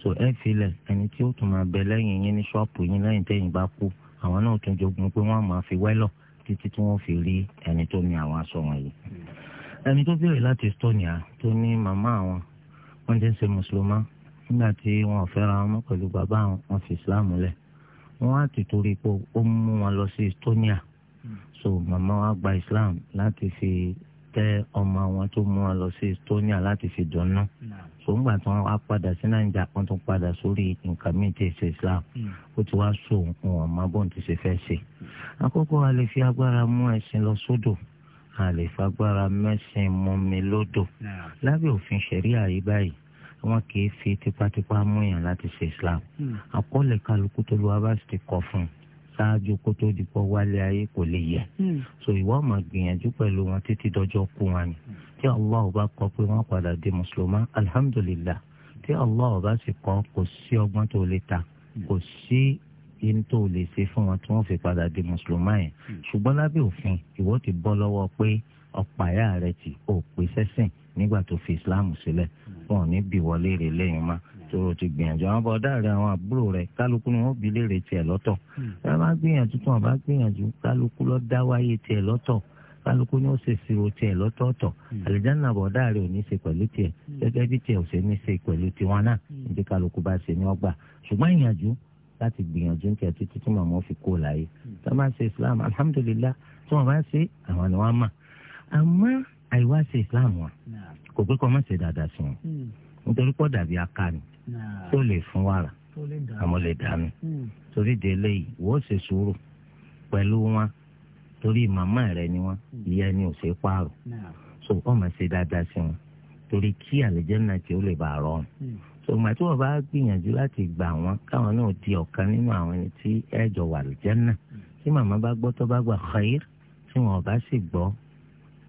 so ẹ filẹ̀ ẹni tí ó tún máa bẹ lẹ́yìn yín ní ṣọ́ọ̀pù yín lẹ́yìn tẹ́yìn bá kú àwọn náà tún jogun pé wọ́n máa fi wẹ́lọ̀ títí tí wọ́n fi rí ẹni tó ní àwọn aṣọ wọ̀nyí ẹni tó béèrè láti Estonia tó ní màmá àwọn wọ́n ti ń ṣe mùsùlùmá nígbà tí wọn ò fẹ́ra wọn pẹ̀lú bàbá wọn fi Islam lẹ̀ wọ́n á ti torí pé ó mú wọn lọ sí Estonia hmm. so màmá wa gba Islam láti fi tẹ ọmọ wọn tó mú wọn lọ sí Estonia láti fi dùnnú hmm. so ńgbà tí wọ́n á padà sí Nàìjà wọ́n tún padà sórí nǹkan míì tí ṣe Islam hmm. ó ti wá so òun ọmọ bóun ti ṣe fẹ́ ṣe àkọ́kọ́ a lè fi agbára mú ẹ̀sìn lọ sódò. a lè fagbára mẹ́sìn mọ́mi lódò lábẹ́ òfin ṣẹ̀rí àyè wọn kì í fi tipátipá mú yàn láti ṣe islam hmm. àkọọ́lẹ̀ kálukú tó lu abá sì ti kọ fún un ṣáájú kó tó di pọ wálé ayé kò lè yẹ hmm. so ìwọ máa gbìyànjú pẹ̀lú wọn títí dọjọ́ kú wọn ni tí allah ọba kọ pé wọn padà di mùsùlùmá alhamdulillah tí allah ọba sì kọ kò sí ọgbọ́n tó lè ta hmm. kò sí yín tó lè ṣe fún wọn tí wọn fi padà di mùsùlùmá yẹn ṣùgbọ́n lábẹ́ òfin ìwọ ti bọ́ lọ́wọ́ pé ọ̀pá rẹ ti ò pè sẹ́sìn nígbà tó fi islam sílẹ̀ hmm. wọn ò ní bí wọlé rè lẹ́yìn má hmm. tóró ti gbìyànjú àwọn bọ̀dá rẹ àwọn àbúrò rẹ kálukú ni wọn bí léèrè tiẹ̀ lọ́tọ̀ ẹ hmm. bá gbìyànjú tó wọn bá gbìyànjú kálukú lọ dá wáyé tiẹ̀ lọ́tọ̀ kálukú ni ó ṣe ṣirò tiẹ̀ lọ́tọ̀ọ̀tọ̀ àlìjáná bọ̀dá rẹ̀ ò ní ṣe pẹ̀lú tiẹ̀ gẹ́gẹ́ bí tiẹ̀ ò ṣe ní ṣe pẹ̀lú tiwọn náà níbi kálukú bá ṣe ní ọgbà ṣùgbọ́n ìyànjú láti gbìyànjú ní tiẹ̀ títí tí fi kó láàyè tó bá ṣe islam alhamdulillah tí wọ́n bá ṣe àwọn ni wọ́n mà àmọ́ àìwá ṣe islam wa kò pé kọ́ má ṣe dáadáa sí wọn hmm. nítorí pọ́ dàbí aká ni tó lè fún wàrà àmọ́ lè dànù hmm. torí de eléyìí wọ́n ṣe sùúrù pẹ̀lú wọn torí màmá rẹ ni wọn hmm. ìyá ni ò ṣe pààrọ̀ so kọ́ má ṣe dáadáa sí wọn torí kí àlùjànnà tí ó lè bàa rọrùn sọgbà tí wọn bá gbìyànjú láti gbà wọn káwọn náà di ọ̀kan nínú àwọn ẹni tí ẹjọ wà àlùjànnà tí màmá bá gbọ́ tó bá gbà khair tí wọn bá sì gbọ́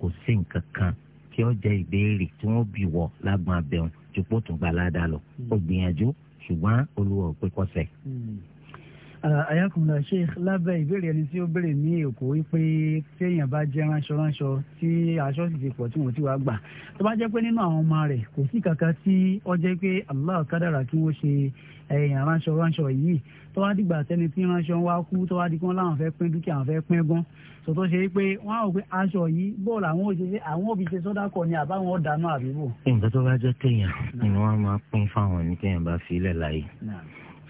kò sí nǹkan kan tí ó jẹ́ ìbéèrè tí wọ́n bì wọ́ lágbọn abẹ́hùn jùpọ̀ tó gbà ládàá lọ ó gbìyànjú ṣùgbọ́n olúwa ò pé kọ́sẹ̀ ayakunla sheikh lábẹ́ ìbéèrè ẹni tí ó béèrè ní èkó wípé téèyàn bá jẹ́ ránṣọ ránṣọ tí aṣọ sì ti pọ̀ tí wọ́n ti wá gbà tó bá jẹ́ pé nínú àwọn ọmọ rẹ̀ kò sí kankan tí ó jẹ́ pé allah kádàrà kí wọ́n ṣe ẹ̀yìn eh, ránṣọ ránṣọ yìí tó wá dìgbà sẹ́ni tí ránṣọ wá kú tó wá di kán láwọn fẹ́ pín dúkìá àwọn fẹ́ pín gan tó tó ṣe pé wọ́n á rò pé aṣọ yìí bọ́ọ̀lù àwọn òṣìṣẹ́ àwọn òbí ṣe sọ́dá kọ ni àbáwọn ọ̀dànù àbíwò. nǹkan tó bá jẹ́ téèyàn ni wọ́n máa pín fáwọn ní téèyàn bá fi ilẹ̀ láàyè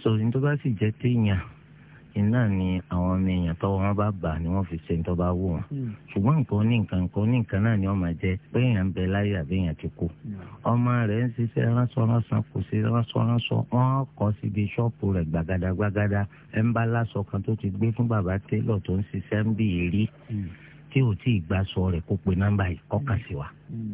sọ̀rọ̀ ní tó bá sì jẹ́ téèyàn iná ni àwọn ọmọ èèyàn tọ́wọ́ wọn bá bà ni wọ́n fi ṣe tó bá wù wọn hmm. ṣùgbọ́n nǹkan oníǹkan nǹkan oníǹkan náà ni wọ́n máa jẹ pé èèyàn ń bẹ láyé àbí èèyàn ti kú hmm. ọmọ rẹ̀ ń ṣiṣẹ́ ránṣọ́ránṣọ́ kò sí ránṣọ́ránṣọ́ wọ́n kọ́ síbi ṣọ́ọ̀pù rẹ̀ gbàgàdàgbàgàdà ẹ̀ ń bá láṣọ kan tó ti gbé fún bàbá télọ̀ tó ń ṣiṣẹ́ ń bì í rí tí ò tí ì gbà sọ rẹ̀ kó pe nọ́mbà yìí kọ́kà wa.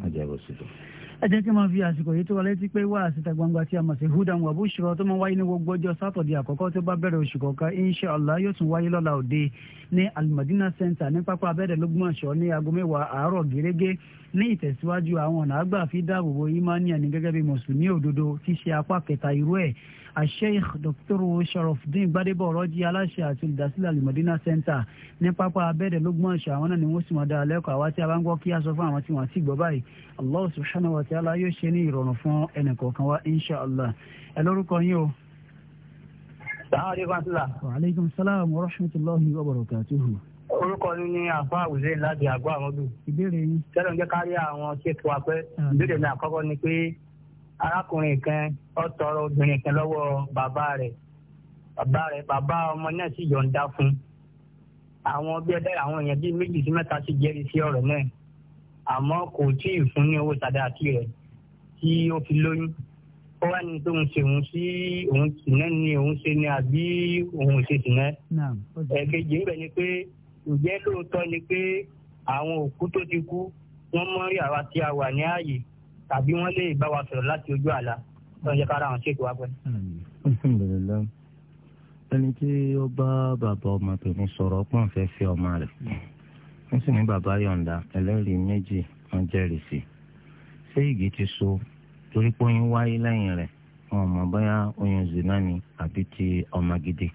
ọjọ́ hmm ẹ jẹ́ kí n máa fi àsìkò yìí tó wa létí pé wá síta gbangba tí a mọ̀ sí hudan wa bushra tó máa wáyé ní gbogbo ọjọ́ sátọ̀dẹ̀ àkọ́kọ́ tó bá bẹ̀rẹ̀ oṣù kọ̀ọ̀kan inshallah yóò tún wáyé lọ́la òde ní almadina center ní pápá abẹ́rẹ́ lọ́gbọ̀nsọ̀ ní aago mẹ́wàá àárọ̀ gẹ́gẹ́ ní ìtẹ̀síwájú àwọn ọ̀nà àgbà fi dáàbòbò imaniya ní gẹ́gẹ́ bí mùsùlùmí òdodo tí ṣe apá kẹta irú ẹ̀ asheikh dr sharafdin gbadebo ọrọjì aláṣẹ àti olùdásílẹ̀ alimọdínà center ní pápá abẹ́ẹ̀dẹ̀ lọ́gbọ̀n ṣe àwọn náà ni wọ́n sì máa dá a lẹ́kọ̀ọ́ àwa tí a bá ń gbọ́ kí a sọ fún àwọn tí wọ́n ti gbọ́ báyìí allah subhanahu wa ta'ala yóò ṣe ní ìrọ̀rùn fún ẹnìkọ̀ọ̀kan wa inshallah ẹ lórúkọ yín o. wa aleykum salaam wa rahmatulahi wa barakatuhu orúkọ arákùnrin kan ó tọrọ obìnrin kan lọ́wọ́ bàbá rẹ̀ bàbá rẹ̀ bàbá ọmọ náà sì yọ̀ǹda fún un àwọn bí ẹdẹ àwọn èèyàn bíi méjì sí mẹ́ta sì jẹ́rìí sí ọ̀rọ̀ náà àmọ́ kò tí ì fún ní owó sàdá àti rẹ̀ tí ó fi lóyún ó wá ní tóun ṣe òun sí òun sìnẹ́ ni òun ṣe ni àbí òun ṣe sìnẹ́. ẹ̀ẹ̀kejì ń bẹ̀ ni pé ǹjẹ́ lóòótọ́ ni pé àwọn òkú tó ti kú wọ́n mọ̀ rí àwa tí a wà ní ààyè tàbí wọ́n lè bá wa sọ̀rọ̀ láti ojú àlá lọ́n jẹ́ kára àwọn ṣètò wa pẹ́. alhamdulilayi ẹni tí ó bá bàbá ọmọ tòun sọ̀rọ̀ pọ́n fẹ́ fẹ́ ọmọ rẹ̀ wọ́n sì ní bàbá yọ̀ǹda ẹlẹ́rìí méjì wọ́n jẹ́rìí sí ṣé igi ti so torí pé oyún wáyé lẹ́yìn rẹ̀ wọn mọ̀ bóyá oyún zina àbí ti ọmọ gidi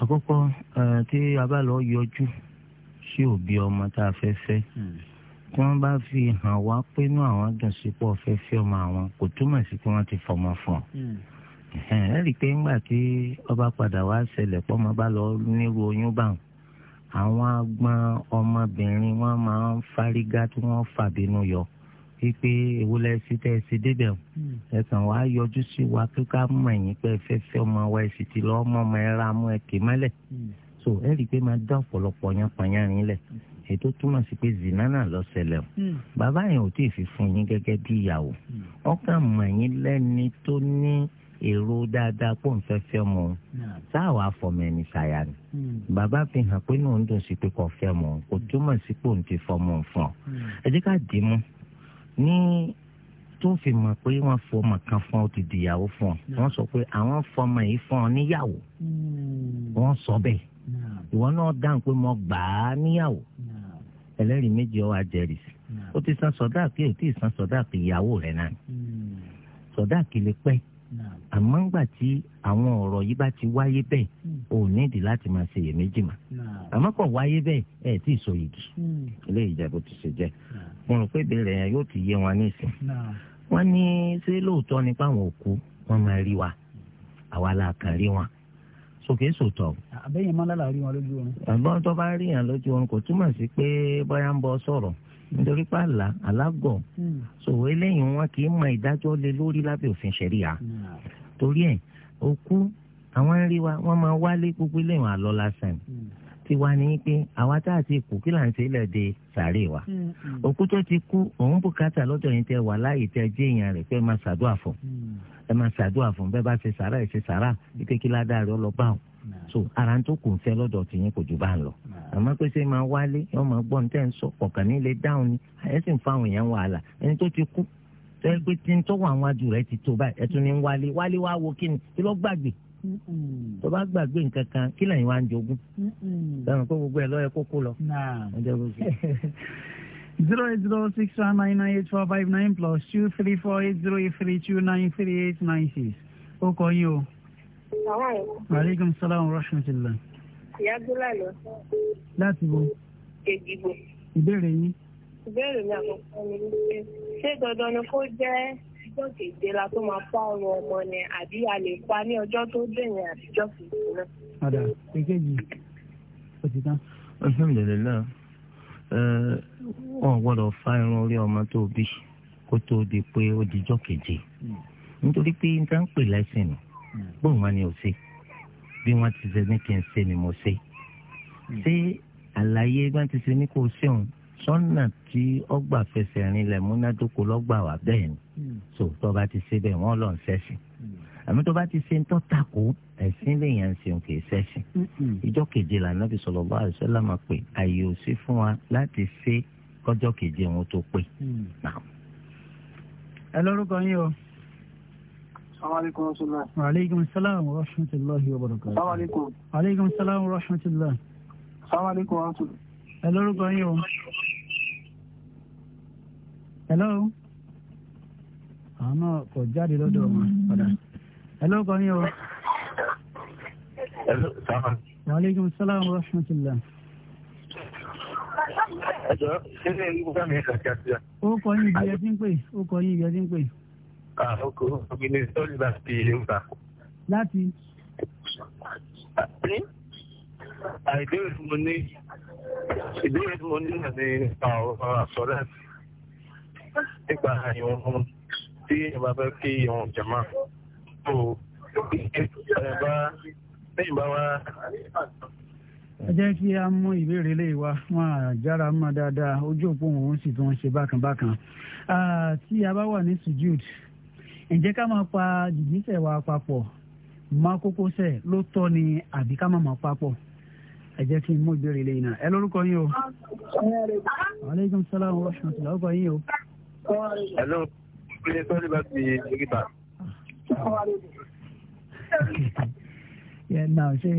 àkọ́kọ́ tí a lọ yọjú sí òbí ọmọ tá a fẹ́ fẹ́ hmm tí wọ́n bá fi hàn wá pé inú àwọn dùn sípò ọ̀fẹ́ fi ọmọ àwọn kò túmọ̀ sí pé wọ́n ti fọmọ fún ọ hmm. ẹ rí i pé ńgbà tí ọba padà wá ṣẹlẹ̀ pọ́mọ bá lọ nírú oyún báwọn àwọn agbọn ọmọbìnrin wọn máa ń fárígá tí wọ́n fàbínú yọ pípé ìwúlẹ̀ sí tẹ́ ẹ sí débẹ̀ o hmm. kàn wá yọjú sí wa pé ká mọ̀ ẹ̀yìn pé ẹ fẹ́ fẹ́ ọmọ wa ẹ sì ti lọ́ mọ́ ọmọ ẹ ra mú ẹ kì mọ́lẹ̀ hmm. so ẹ rí i pé máa dá ọ̀pọ̀lọpọ̀ yan pààyàn rìn lẹ̀ ètò túmọ̀ sí pé zina náà lọ ṣẹlẹ̀ o hmm. bàbá yẹn ò tí ì fi fún yín gẹ́gẹ́ bí ìyàwó hmm. ọkàn mọ̀ yín lẹ́ni tó ní èrò dáadáa kó n fẹ́ fẹ́ mọ́ sáwọn afọmẹ́ni hmm. ṣàyà ni bàbá fi hàn pé náà ń dùn sí pé kò fẹ́ mọ́ kò túmọ̀ sí pé òun ti fọmọ fún ọ ẹ jẹ́ ká dì í mú ní tó fi mọ̀ pé wọ́n fọmọ kan fún ọ ti dìyàwó fún ọ wọ́n sọ pé àwọn fọmọ yìí fún ọ níyàwó wọ́n sọ bẹ́ẹ̀ ìwọ náà dáhùn pé mo gbà á níyàwó ẹlẹ́rìí méjì ó wá jẹ́rìí sí ó ti san sọdáàkì ó ti san sọdáàkì ìyàwó rẹ̀ náà sọdáàkì lè pẹ́ àmọ́ ńgbà tí àwọn ọ̀rọ̀ yìí bá ti wáyé bẹ́ẹ̀ ò nídìí láti máa ṣe iyèméjì mà àmọ́ kò wáyé bẹ́ẹ̀ ẹ̀ tí ì sọ yìí ilé ìjẹ́bù ti ṣe jẹ́ mo rò pé ìbéèrè yẹn yóò ti yé wọn nísìn wọ́n ní ṣé lóòótọ́ ni páwọn òkú wọ́n máa rí wa àwa la kàn rí wọn sókè sòtọ. àbẹ́yẹn máa lálàá rí wọn lójú oorun. ẹ̀gbọ́n tó bá rí yàn lójú oorun kò túmọ̀ sí pé bóyá ń bọ́ sọ̀rọ̀ nítorí pé alágọ̀ ṣòwò hmm. eléyìí wọn kì í mọ ìdájọ́ lé lórí lábẹ́ òfin ṣẹ̀ríà hmm. torí ẹ̀ òkú àwọn ń rí wa wọ́n máa wálé gbogbo eléyìí àlọ́ lásán hmm ti wá ní pé àwa tá a ti kú kí là ń ṣe ilẹ̀ de sàárè wa mm, mm. òkú tó ti kú òun bùkátà lọ́dọ̀ yín tẹ wà láàyè tẹ jẹ́ èèyàn rẹ̀ pé ẹ máa ṣàdúrà fún mm. ẹ máa ṣàdúrà fún bẹ́ẹ̀ bá ṣe sàárà ẹ̀ ṣe sàárà wípé kí ládàá rẹ̀ ọlọ́gbà ọ̀ so ara tó kù ń fẹ́ lọ́dọ̀ tí yín kò jù bá ń lọ àmọ́ pé ṣé máa wálé yọ máa gbọ́ ní tẹ́ sọ ọ̀kàn ní ilé dáhùn ni ẹ sì ń fáwọn èèyàn wàhálà ẹni tó ti kú tẹ́ pé tí ń tọ́wọ́ àwọn adùn rẹ̀ ti tó báyìí ẹ tún ní wálé wálé wá wo kí ni kí ló gbàgbé tó bá gbàgbé nǹkan kan kí lẹ́yìn wá ń jogún dáhùn pé gbogbo ẹ̀ lọ́yẹ kókó lọ. zero eight zero six one nine nine eight four five nine plus two three four eight zero eight three two nine three eight nine six ó kọ yín o. salaamaleykum. aleykum salaam wa rahmatulah. ìyá abdullahi lọ. láti wo. èjìgbò. ìbéèrè yín. ìbéèrè mi àkọ́kọ́ ni ṣé dandan ni kó jẹ́ ọjọ́ kéde la tó máa fá ọrùn ọmọ ni àbí a lè pa ní ọjọ́ tó bẹ̀rẹ̀ àtijọ́ kejì náà. padà èkejì ó ti tán. alhamdulilayi wọn gbọ́dọ̀ fá irun orí ọmọ tó bí kó tó di pé ó dijọ́ keje nítorí pé n ta ń pè lẹ́sìn bóun wá ni ò bí wọ́n ti ṣe ní kí n ṣe ni mo ṣe ṣé àlàyé bá ti ṣe ní kó ṣeun sọ́nà tí ọgbà fẹsẹ̀ rinlẹ̀ múnádóko lọ́gbà wà bẹ́ẹ̀ ni so tó bá ti ṣe bẹ́ẹ̀ wọ́n lọ ń ṣẹ̀sìn àmì tó bá ti ṣe ń tọ́ takò ẹ̀sìn lèèyàn ṣeun kì í ṣẹ̀sìn ìjọ keje la Ànábì sallallahu alaihi wasallam máa pè àyè ò sí fún wa láti ṣe kọjọ́ keje wọn tó pè. ẹ lórúkọ yín o. Salaamaleykum Rasulillah. Aleykum salaam wa rahmatulahi wa barakatuh. Salaamaleykum. Aleykum salaam wa Ẹ lórúkọ yín o. Hello àwọn náà kò jáde lọ́dọ̀ wọn padà. ẹ ló kọ ní o. waaleykum salaam wa rahmatulah. ẹjọ ṣé ilé ìlú bá mi ń kàkí àti ya. ó kọ yín ibi ẹtí ń pè ó kọ yín ibi ẹtí ń pè. àkókò mi ni sọ́ọ̀lì bá ti ìlú ta. láti. àìbéèrè tí mo ní ìbéèrè tí mo ní ní àwọn àsọ̀rẹ́ nípa àyẹ̀wò tí ìbá fẹ́ kí ìwọ̀n jẹ̀mọ́ tó ìbá lẹ́yìn bá wá. ẹ jẹ́ kí a mú ìbéèrè lè wá wọn àjára mọ́ dáadáa ojú òpó òun sì tún ṣe bákanbákan tí a bá wà ní sujud ǹjẹ́ ká máa pa jìjìnsẹ̀ wa papọ̀ má kókósẹ̀ ló tọ́ ni àbí ká má máa papọ̀ ẹ jẹ́ kí n mú ìbéèrè lẹ́yìn náà ẹ lórúkọ yín o. aleykum salaam wa rahmatulah ọkọ yín o. hello pé sọ́ọ́lì láti ìgbà. yẹn náà ṣe.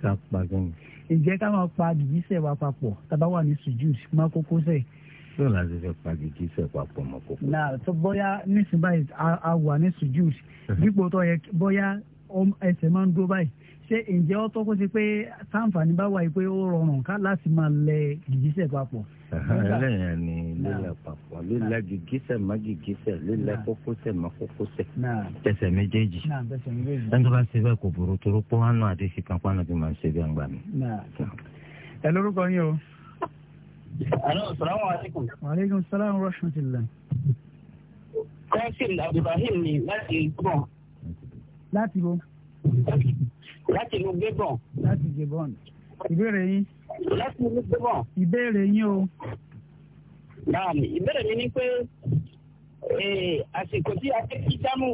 ká pa gan. ǹjẹ́ ká máa pa gìgísẹ̀ wa papọ̀ tàbá wà ní sùjúd máa kókó sẹ̀. bẹ́ẹ̀ la ṣe fẹ́ pa gìgísẹ̀ papọ̀ mọ́ kókó. náà tó bóyá nísìnyí báyìí a wà ní sùjúd uh-huh. dípò tó yẹ bóyá ẹsẹ̀ máa ń dúró báyìí ṣé ǹjẹ́ ó tọ́kọ́ sí pé sáǹfààní bá wà yìí pé ó rọrùn ká láti máa lẹ gìgísẹ̀ papọ̀. Uh-huh. ẹlẹ́yìn ni lílẹ̀ papọ̀ lílẹ̀ gìgísẹ̀ mọ́ gìgísẹ̀ lílẹ̀ kókósẹ̀ mọ́ kókósẹ̀ tẹsẹ̀ méjèèjì ẹni tó bá ṣe bẹ́ẹ̀ kò burú toró pé wọn náà àdéhìí kan pàánù bí màá ṣe bí àgbà mi. ẹ lórúkọ yín o. alo salamu aleykum. maaleykum salaam wa rahmatulah. kọ́sìn abdulrahim ni láti gbọ̀n. láti bo. láti lu gbẹ̀bọ̀n. láti gbẹ̀bọ̀n. ìbéèrè yín. láti lu gbẹ̀bọ̀n. ìbéèrè yín o naam ìbéèrè mi ni pé àsìkò tí a fẹ́ kí jámù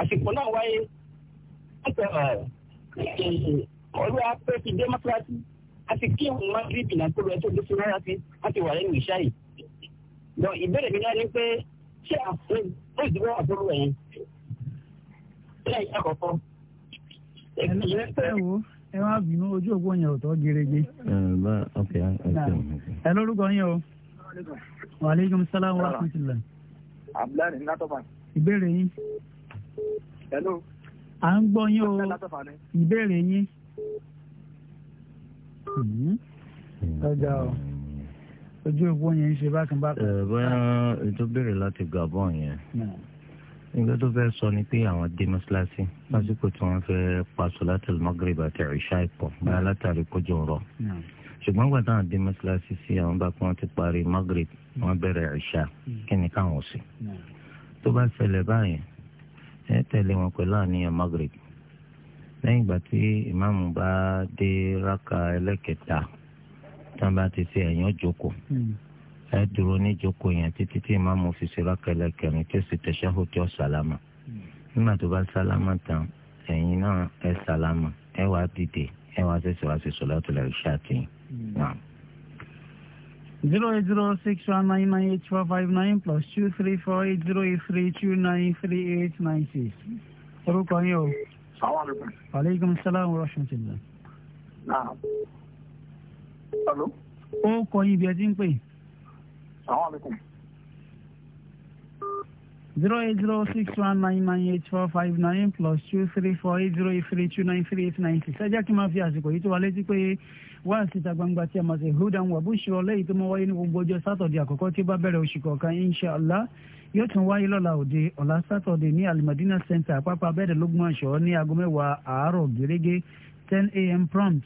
àsìkò náà wáyé olúwa pé ti dẹ́mọ́kírátì àti kí òun máa rí ìbìnà tó lọ tó lọ sí rárá sí láti wà lẹ́nu ìṣá yìí. lọ ìbéèrè mi náà ni pé ṣé àfún ó ìdíwọ́ àbúrò ẹ̀yìn. bẹ́ẹ̀ ni àkọ́kọ́. ẹ̀mí ẹ̀ fẹ́ wo ẹ má bínú ojú òpó yẹn ò tọ́ gerege. ẹ lórúkọ yín o. waaleykum salaam wa rahmatulah. abdulayi natofa. ìbéèrè yín. hello. à ń gbọ́ yín o ìbéèrè yín. ọjà hmm. o ojú òpó yẹn ń ṣe bákan bákan. bóyá ètò béèrè láti Gabon yẹn nígbà tó fẹ́ sọ ni pé àwọn dé mọ́ṣáláṣí lásìkò tí wọ́n fẹ́ pa solatul maghrib àti ìṣá ìpọ̀ bá látàrí kójú ọ̀rọ̀ ṣùgbọ́n gbà táwọn dé sí àwọn bá pọ́n ti parí maghrib wọ́n bẹ̀rẹ̀ ìṣá hmm. kí ni káwọn sí. tó bá ṣẹlẹ̀ báyìí ẹ tẹ̀lé wọn pẹ̀lú àníyàn maghrib lẹ́yìn ìgbà tí ìmáàmù bá dé rákà ẹlẹ́kẹta tí wọ́n bá ti ṣe ẹ̀yán jókòó. Hmm ẹ dúró níjókòó yẹn títí tí ìmáàmù fi ṣèrọ kẹlẹkẹrin tí ó sì tẹṣẹhù tí ó sàlámà nígbà tó bá sàlámà tán ẹ̀yin náà ẹ sàlámà ẹ wàá dìde ẹ wàá ṣẹ̀ṣẹ̀ wàá ṣe sọ̀láàtù ìṣà tì náà. zero eight zero six one nine nine eight four five nine plus two three four eight zero eight three two nine three eight nine six. orúkọ yín o. salaamaleykum. aleykum salaam wa rahmatulah. naam. alo. ó kọ yín bí ẹ ti ń pè é. Assalamu alaikum. zero eight zero six one nine nine eight four five nine plus two three four eight zero eight three two nine three eight nine six. ẹ jẹ́ kí n máa fi àsìkò yìí tó wa létí pé wá síta gbangba tí a máa ṣe hudan wa bushra lẹ́yìn tó máa wáyé ní gbogbo ọjọ́ sátọ̀dẹ̀ àkọ́kọ́ tí ó bá bẹ̀rẹ̀ oṣù kọ̀ọ̀kan insha yóò tún wáyé lọ́la òde ọ̀la sátọ̀dé ní alimadina center àpapọ̀ abẹ́rẹ́ lógúnmọ̀ṣọ́ ní aago mẹ́wàá àárọ̀ gẹ́gẹ́ ten a.m. prompt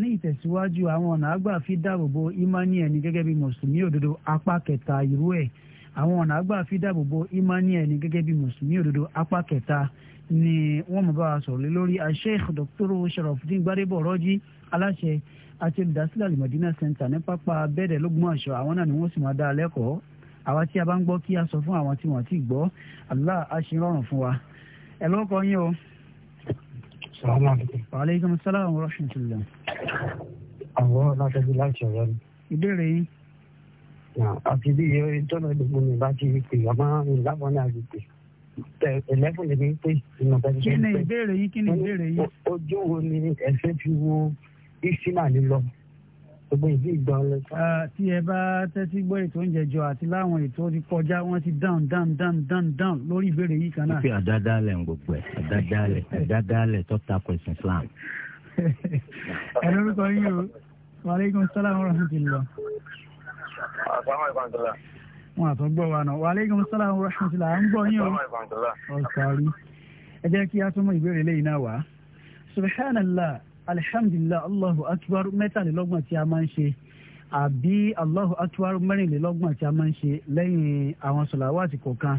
ní ìtẹ̀síwájú àwọn ọ̀nà àgbà fi dáàbò bo imani ẹni gẹ́gẹ́ bí mùsùlùmí òdodo apá kẹta irú ẹ̀ àwọn ọ̀nà àgbà fi dáàbò bo imani ẹni gẹ́gẹ́ bí mùsùlùmí òdodo apá kẹta ni wọ́n mọ̀ bá a sọ̀rọ̀ lé lórí Sheikh Dr. Sharafudin Gbadebo Rọ́jí aláṣẹ àti olùdásílẹ̀ alimadina center ní pápá abẹ́rẹ́ lógúnmọ̀ṣọ́ àwọn náà ni wọ́n sì máa dá a lẹ́kọ̀ọ́ àwa tí a bá ń gbọ́ kí a sọ fún àwọn tí wọ́n ti gbọ́ Allah á ṣe rọrùn fún wa ẹ lọ́kọ yín o. salaamaleykum. waaleykum salaam wa rahmatulah. àwọn alákẹ́bí láti ọ̀rẹ́ mi. ìbéèrè yín. àti bí tọ́lá ìdìbò mi bá ti pè ọmọ ìlànà ní àgbègbè ẹlẹ́fún lè ní pé ìmọ̀ta ti sọ pé. kí ni ìbéèrè yín kí ni ìbéèrè yín. ojú wo ni ẹ̀sẹ̀ fi wo ìsínà lílọ gbogbo ìdí ìgbọ́n lẹ. tí ẹ bá tẹ́tí gbọ́ ètò oúnjẹ jọ àti láwọn ètò ti kọjá wọ́n ti dáhùn dáhùn dáhùn dáhùn dáhùn lórí ìbéèrè yìí kan náà. wípé àdádálẹ̀ ń gbogbo ẹ̀ àdádálẹ̀ àdádálẹ̀ tó takò ẹ̀sìn Islam. ẹ lórúkọ yín o wàlẹ́kùn sálàmù rahmatulah. wọn àtọ́ gbọ́ wa náà wàlẹ́kùn sálàmù rahmatulah à ń gbọ́ yín o. ọ̀sán rí ẹ jẹ́ kí a tún mú ìbéèrè lẹ́yìn náà wá subhanallah alihamdulilayi allahu akbar mẹ́tàlélọ́gbọ̀n tí a máa ń ṣe àbí allahu akbar mẹ́rìnlélọ́gbọ̀n tí a máa ń ṣe lẹ́yìn àwọn sọ̀làwátì kọ̀ọ̀kan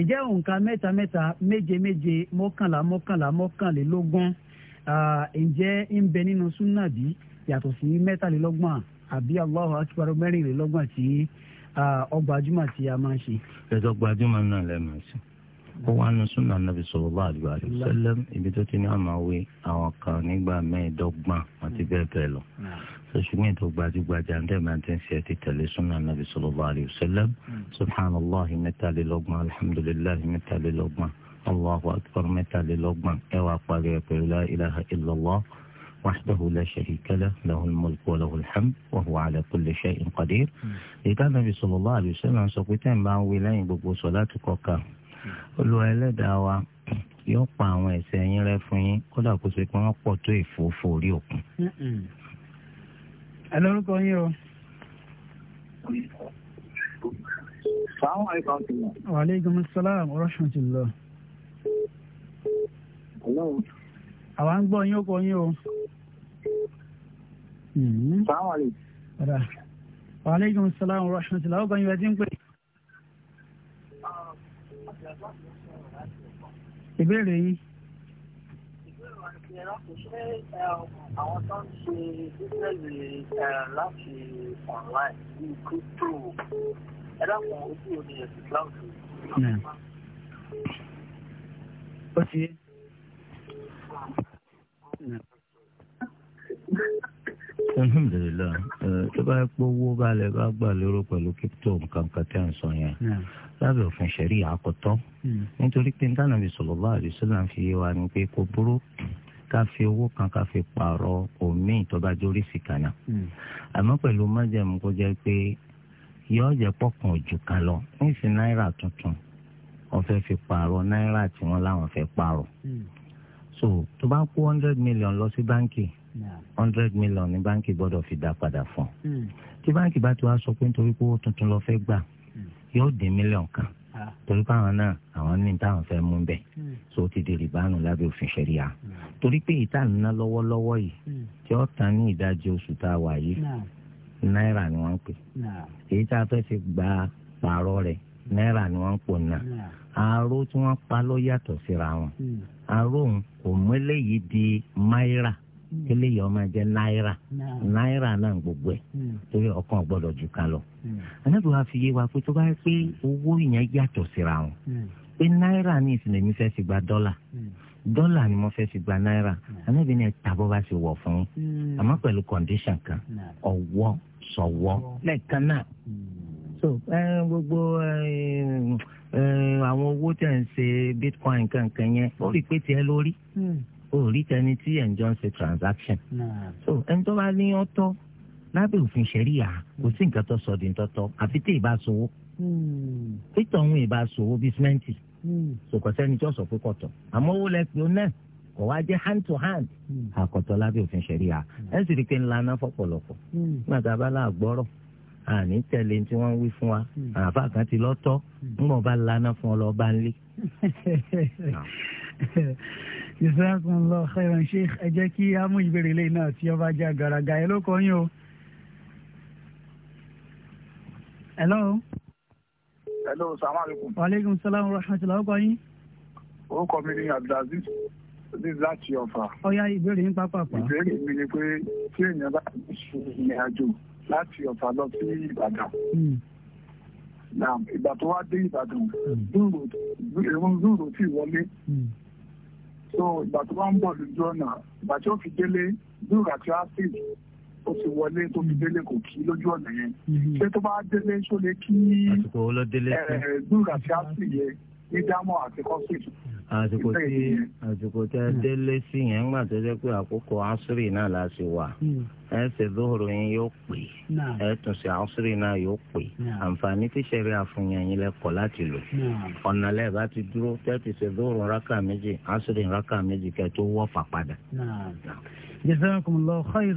ǹjẹ́ òǹkà mẹ́ta mẹ́ta méje méje mọ́kànlá mọ́kànlá mọ́kànlélógún ǹjẹ́ ń bẹ nínú súnà bí yàtọ̀ sí mẹ́tàlélọ́gbọ̀n àbí allahu akbar mẹ́rìnlélọ́gbọ̀n tí ọgbàjúmọ̀ tí a máa ń ṣe. ẹ̀dọ́gbàjúmọ̀ náà lẹ́ẹ̀ máa ó wá nu súnà nàbì sallallahu alaihi wasallam ibi tó ti ní àmà wé àwọn kan nígbà mẹ́ẹ̀ẹ́dọ́gbọ̀n àti hmm. bẹ́ẹ̀ bẹ́ẹ̀ lọ hmm. sọṣùgbọ́n ètò gbajúgbajà ń dẹ́gbà tí ń ṣe ti tẹ̀lé súnà nàbì sallallahu alaihi wasallam hmm. subhanallah mẹ́tàlélọ́gbọ̀n alhamdulilayi mẹ́tàlélọ́gbọ̀n allahu akbar mẹ́tàlélọ́gbọ̀n ẹ wàá parí ẹ pẹ̀lú la ilaha illallah وحده لا شريك له له الملك وله الحمد وهو على كل شيء قدير. ìtàn nàbì sallallahu alaihi sọ pé tẹ́ ń bá ń wí lẹ́yìn gbogbo sọ̀lá tó kọ̀ọ̀kan olúwa ẹlẹ́dàá wa yóò pa àwọn ẹ̀ṣẹ̀ yín rẹ́ fún yín kódà kó ṣe pé wọ́n pọ̀ tó ìfòfò orí òkun. ẹ lórúkọ yín o. wa aleykum salaam wa rahmatullah. àwa ń gbọ́ yín ó kọ yín o. Mm-hmm. wa aleykum salaam wa rahmatullah ó kọ yín bẹ́ẹ̀ tí ń pè é ìbéèrè yìí. ìbéèrè wa ni pé ṣe àwọn tó ń ṣe bísíǹsì láti online bíi crypto ẹ dákun ojú òní ẹ̀sìn cloud. Hmm. ó ti yé. tó bá yẹ pé owó balẹ̀ bá gbà lérò pẹ̀lú crypto nǹkan kan tẹ̀ ń sọ yẹn. Hmm lábẹ́ òfin ṣẹ̀rí àkọ́tọ́ hmm. nítorí pé ntànàbí sallallahu alaihi wasallam fi yé wa ni pé kò burú ká fi owó kan ká fi pààrọ̀ omi ìtọ́ba jórí sí kànáà hmm. àmọ́ pẹ̀lú májẹ̀mú kó jẹ́ pé yóò jẹ́ pọ̀kan ojú kan lọ níìsín náírà tuntun wọ́n fẹ́ fi pààrọ̀ náírà tí wọ́n láwọn fẹ́ pààrọ̀ hmm. so tó bá kó hundred million lọ sí báńkì hundred million ní báńkì gbọ́dọ̀ fi dá padà fún un tí báńkì bá ti wá sọ pé nítorí pé owó tuntun lọ fẹ́ gbà yóò dín mílíọ̀n kan ah. torí pé àwọn náà àwọn ní táwọn fẹ́ mú bẹ́ẹ̀ hmm. so ó ti di rìbánu lábẹ́ òfin ṣẹ̀ríà hmm. torí pé ìta ńná lọ́wọ́lọ́wọ́ yìí hmm. tí ó tán ní ìdajì oṣù tá a wà yìí náírà ni wọ́n ń pè èyí tá a fẹ́ fi gba pààrọ̀ rẹ̀ náírà ni wọ́n ń pò náà aró tí wọ́n pa ló yàtọ̀ síra wọn aró kò mú eléyìí di náírà eléyìí ó máa jẹ́ náírà náírà náà gbogbo ẹ̀ torí ọkàn gbọ́dọ̀ jù ká lọ ànábì wa fi yé wa pé tó bá pé owó yẹn yàtọ̀ síra wọn hmm. pé náírà ní ìsìnlẹ̀ fẹ́ fi gba dọ́là hmm. dọ́là ni mo fẹ́ fi gba náírà hmm. ànábì ní ẹ̀ta bó bá ṣe wọ̀ fún yín àmọ́ pẹ̀lú kọ̀ǹdíṣàn kan ọ̀wọ́ sọ̀wọ́ lẹ́ẹ̀kan náà so gbogbo àwọn owó tẹ̀ ń ṣe bitcoin kankan yẹn ó rí pé tiẹ̀ lórí ó rí tẹni tí ẹ̀ ń jọ ń ṣe transaction so ẹni tó bá ní ọ́ tọ́ lábẹ́ òfin ṣẹ̀ríyà kò sí nǹkan tó sọ di tọ́tọ́ àfi tí ìbá sowó hmm. pétọ̀ ń ìbá sowó bíi sìmẹ́ǹtì hmm. sòkòtẹ́ni tó sọ pé kọ̀tọ̀ àmọ́ owó lẹ pé náà kò wá jẹ́ hand to hand àkọ́tọ̀ hmm. lábẹ́ òfin ṣẹ̀ríyà ẹ̀ sì rí i pé ńlá náà fọ̀pọ̀lọpọ̀ nígbà tá a bá láàgbọ́rọ̀ àní tẹ̀lé tí wọ́n ń wí fún wa àfa kan ti lọ́tọ́ ńgbọ̀n bá lana fún ọ lọ hello. hello salaam aleykum. waaleykum salaam wa rahmatulah ọkọ yín. orúkọ mi ni abdulaziz ní láti ọ̀fà. ọ̀ya ìbéèrè yín pápápá. ìbéèrè mi ni pé tí èèyàn bá ti sun ìrìn àjò láti ọ̀fà lọ sí ìbàdàn. Hmm. naam ìgbà tó wá dé ìbàdàn ìrún zúrò tí wọlé. Hmm. so ìgbà tó wá ń bọ̀ lójú ọ̀nà ìgbà tí ó fi délé zúrò àti ásíìdì ó ti wọlé tó fi délé kò kí lójú ọ̀nà yẹn mhm. ṣé tó bá délé ṣó lè kí eh, dúràsí àti yẹn ní dámọ̀ àti kọ́sìtì. àsìkò tí àsìkò tí a délé sí yẹn ńgbà tó jẹ́ pé àkókò asiri náà la ṣe wà hmm. ẹ ṣe dóhùrù yín yóò pè ẹ tún ṣe asiri náà yóò pè àǹfààní tí ṣẹ̀rí àfúnyàn yín lẹ́kọ̀ọ́ láti lò ọ̀nà lẹ́ẹ̀ bá ti dúró tẹ́tì ṣe dóhùrù rákà méjì asiri rákà méjì kẹ́ tó wọ́ fà padà. jazakumullahu khair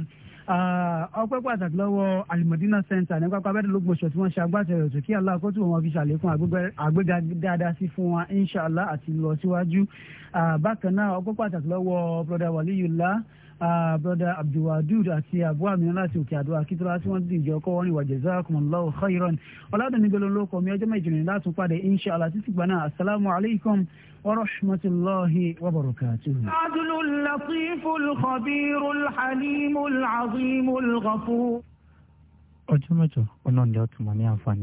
ọpẹ́ pàtàkì lọ́wọ́ Alimadina Center ní pápá abẹ́rẹ́ lógbòsọ tí wọ́n ṣe agbátẹrẹ òtún kí Allah kó tún wọn fi ṣàlékún àgbéga dáadáa sí fún wa inshallah àti lọ síwájú bákan náà ọpẹ́ pàtàkì lọ́wọ́ brother Waliyullah broda abdulwadud àti abu amina láti òkè àdó akíntola tí wọ́n ti dìjọ kọ́ wọ́n ní wa jazakumullahu khairan ọ̀làdùnní bẹ́ẹ̀ lọ́kọ̀ mi ọjọ́ méjì nìyí láti pàdé inshallah títí gbaná asalaamu alaykum wa rahmatulahi wa barakatuhu. adulu latifu lkhabiru lhalimu lcazimu lghafur. ọjọ́ mẹ́jọ ọlọ́run ni ó mọ̀ ní àǹfààní.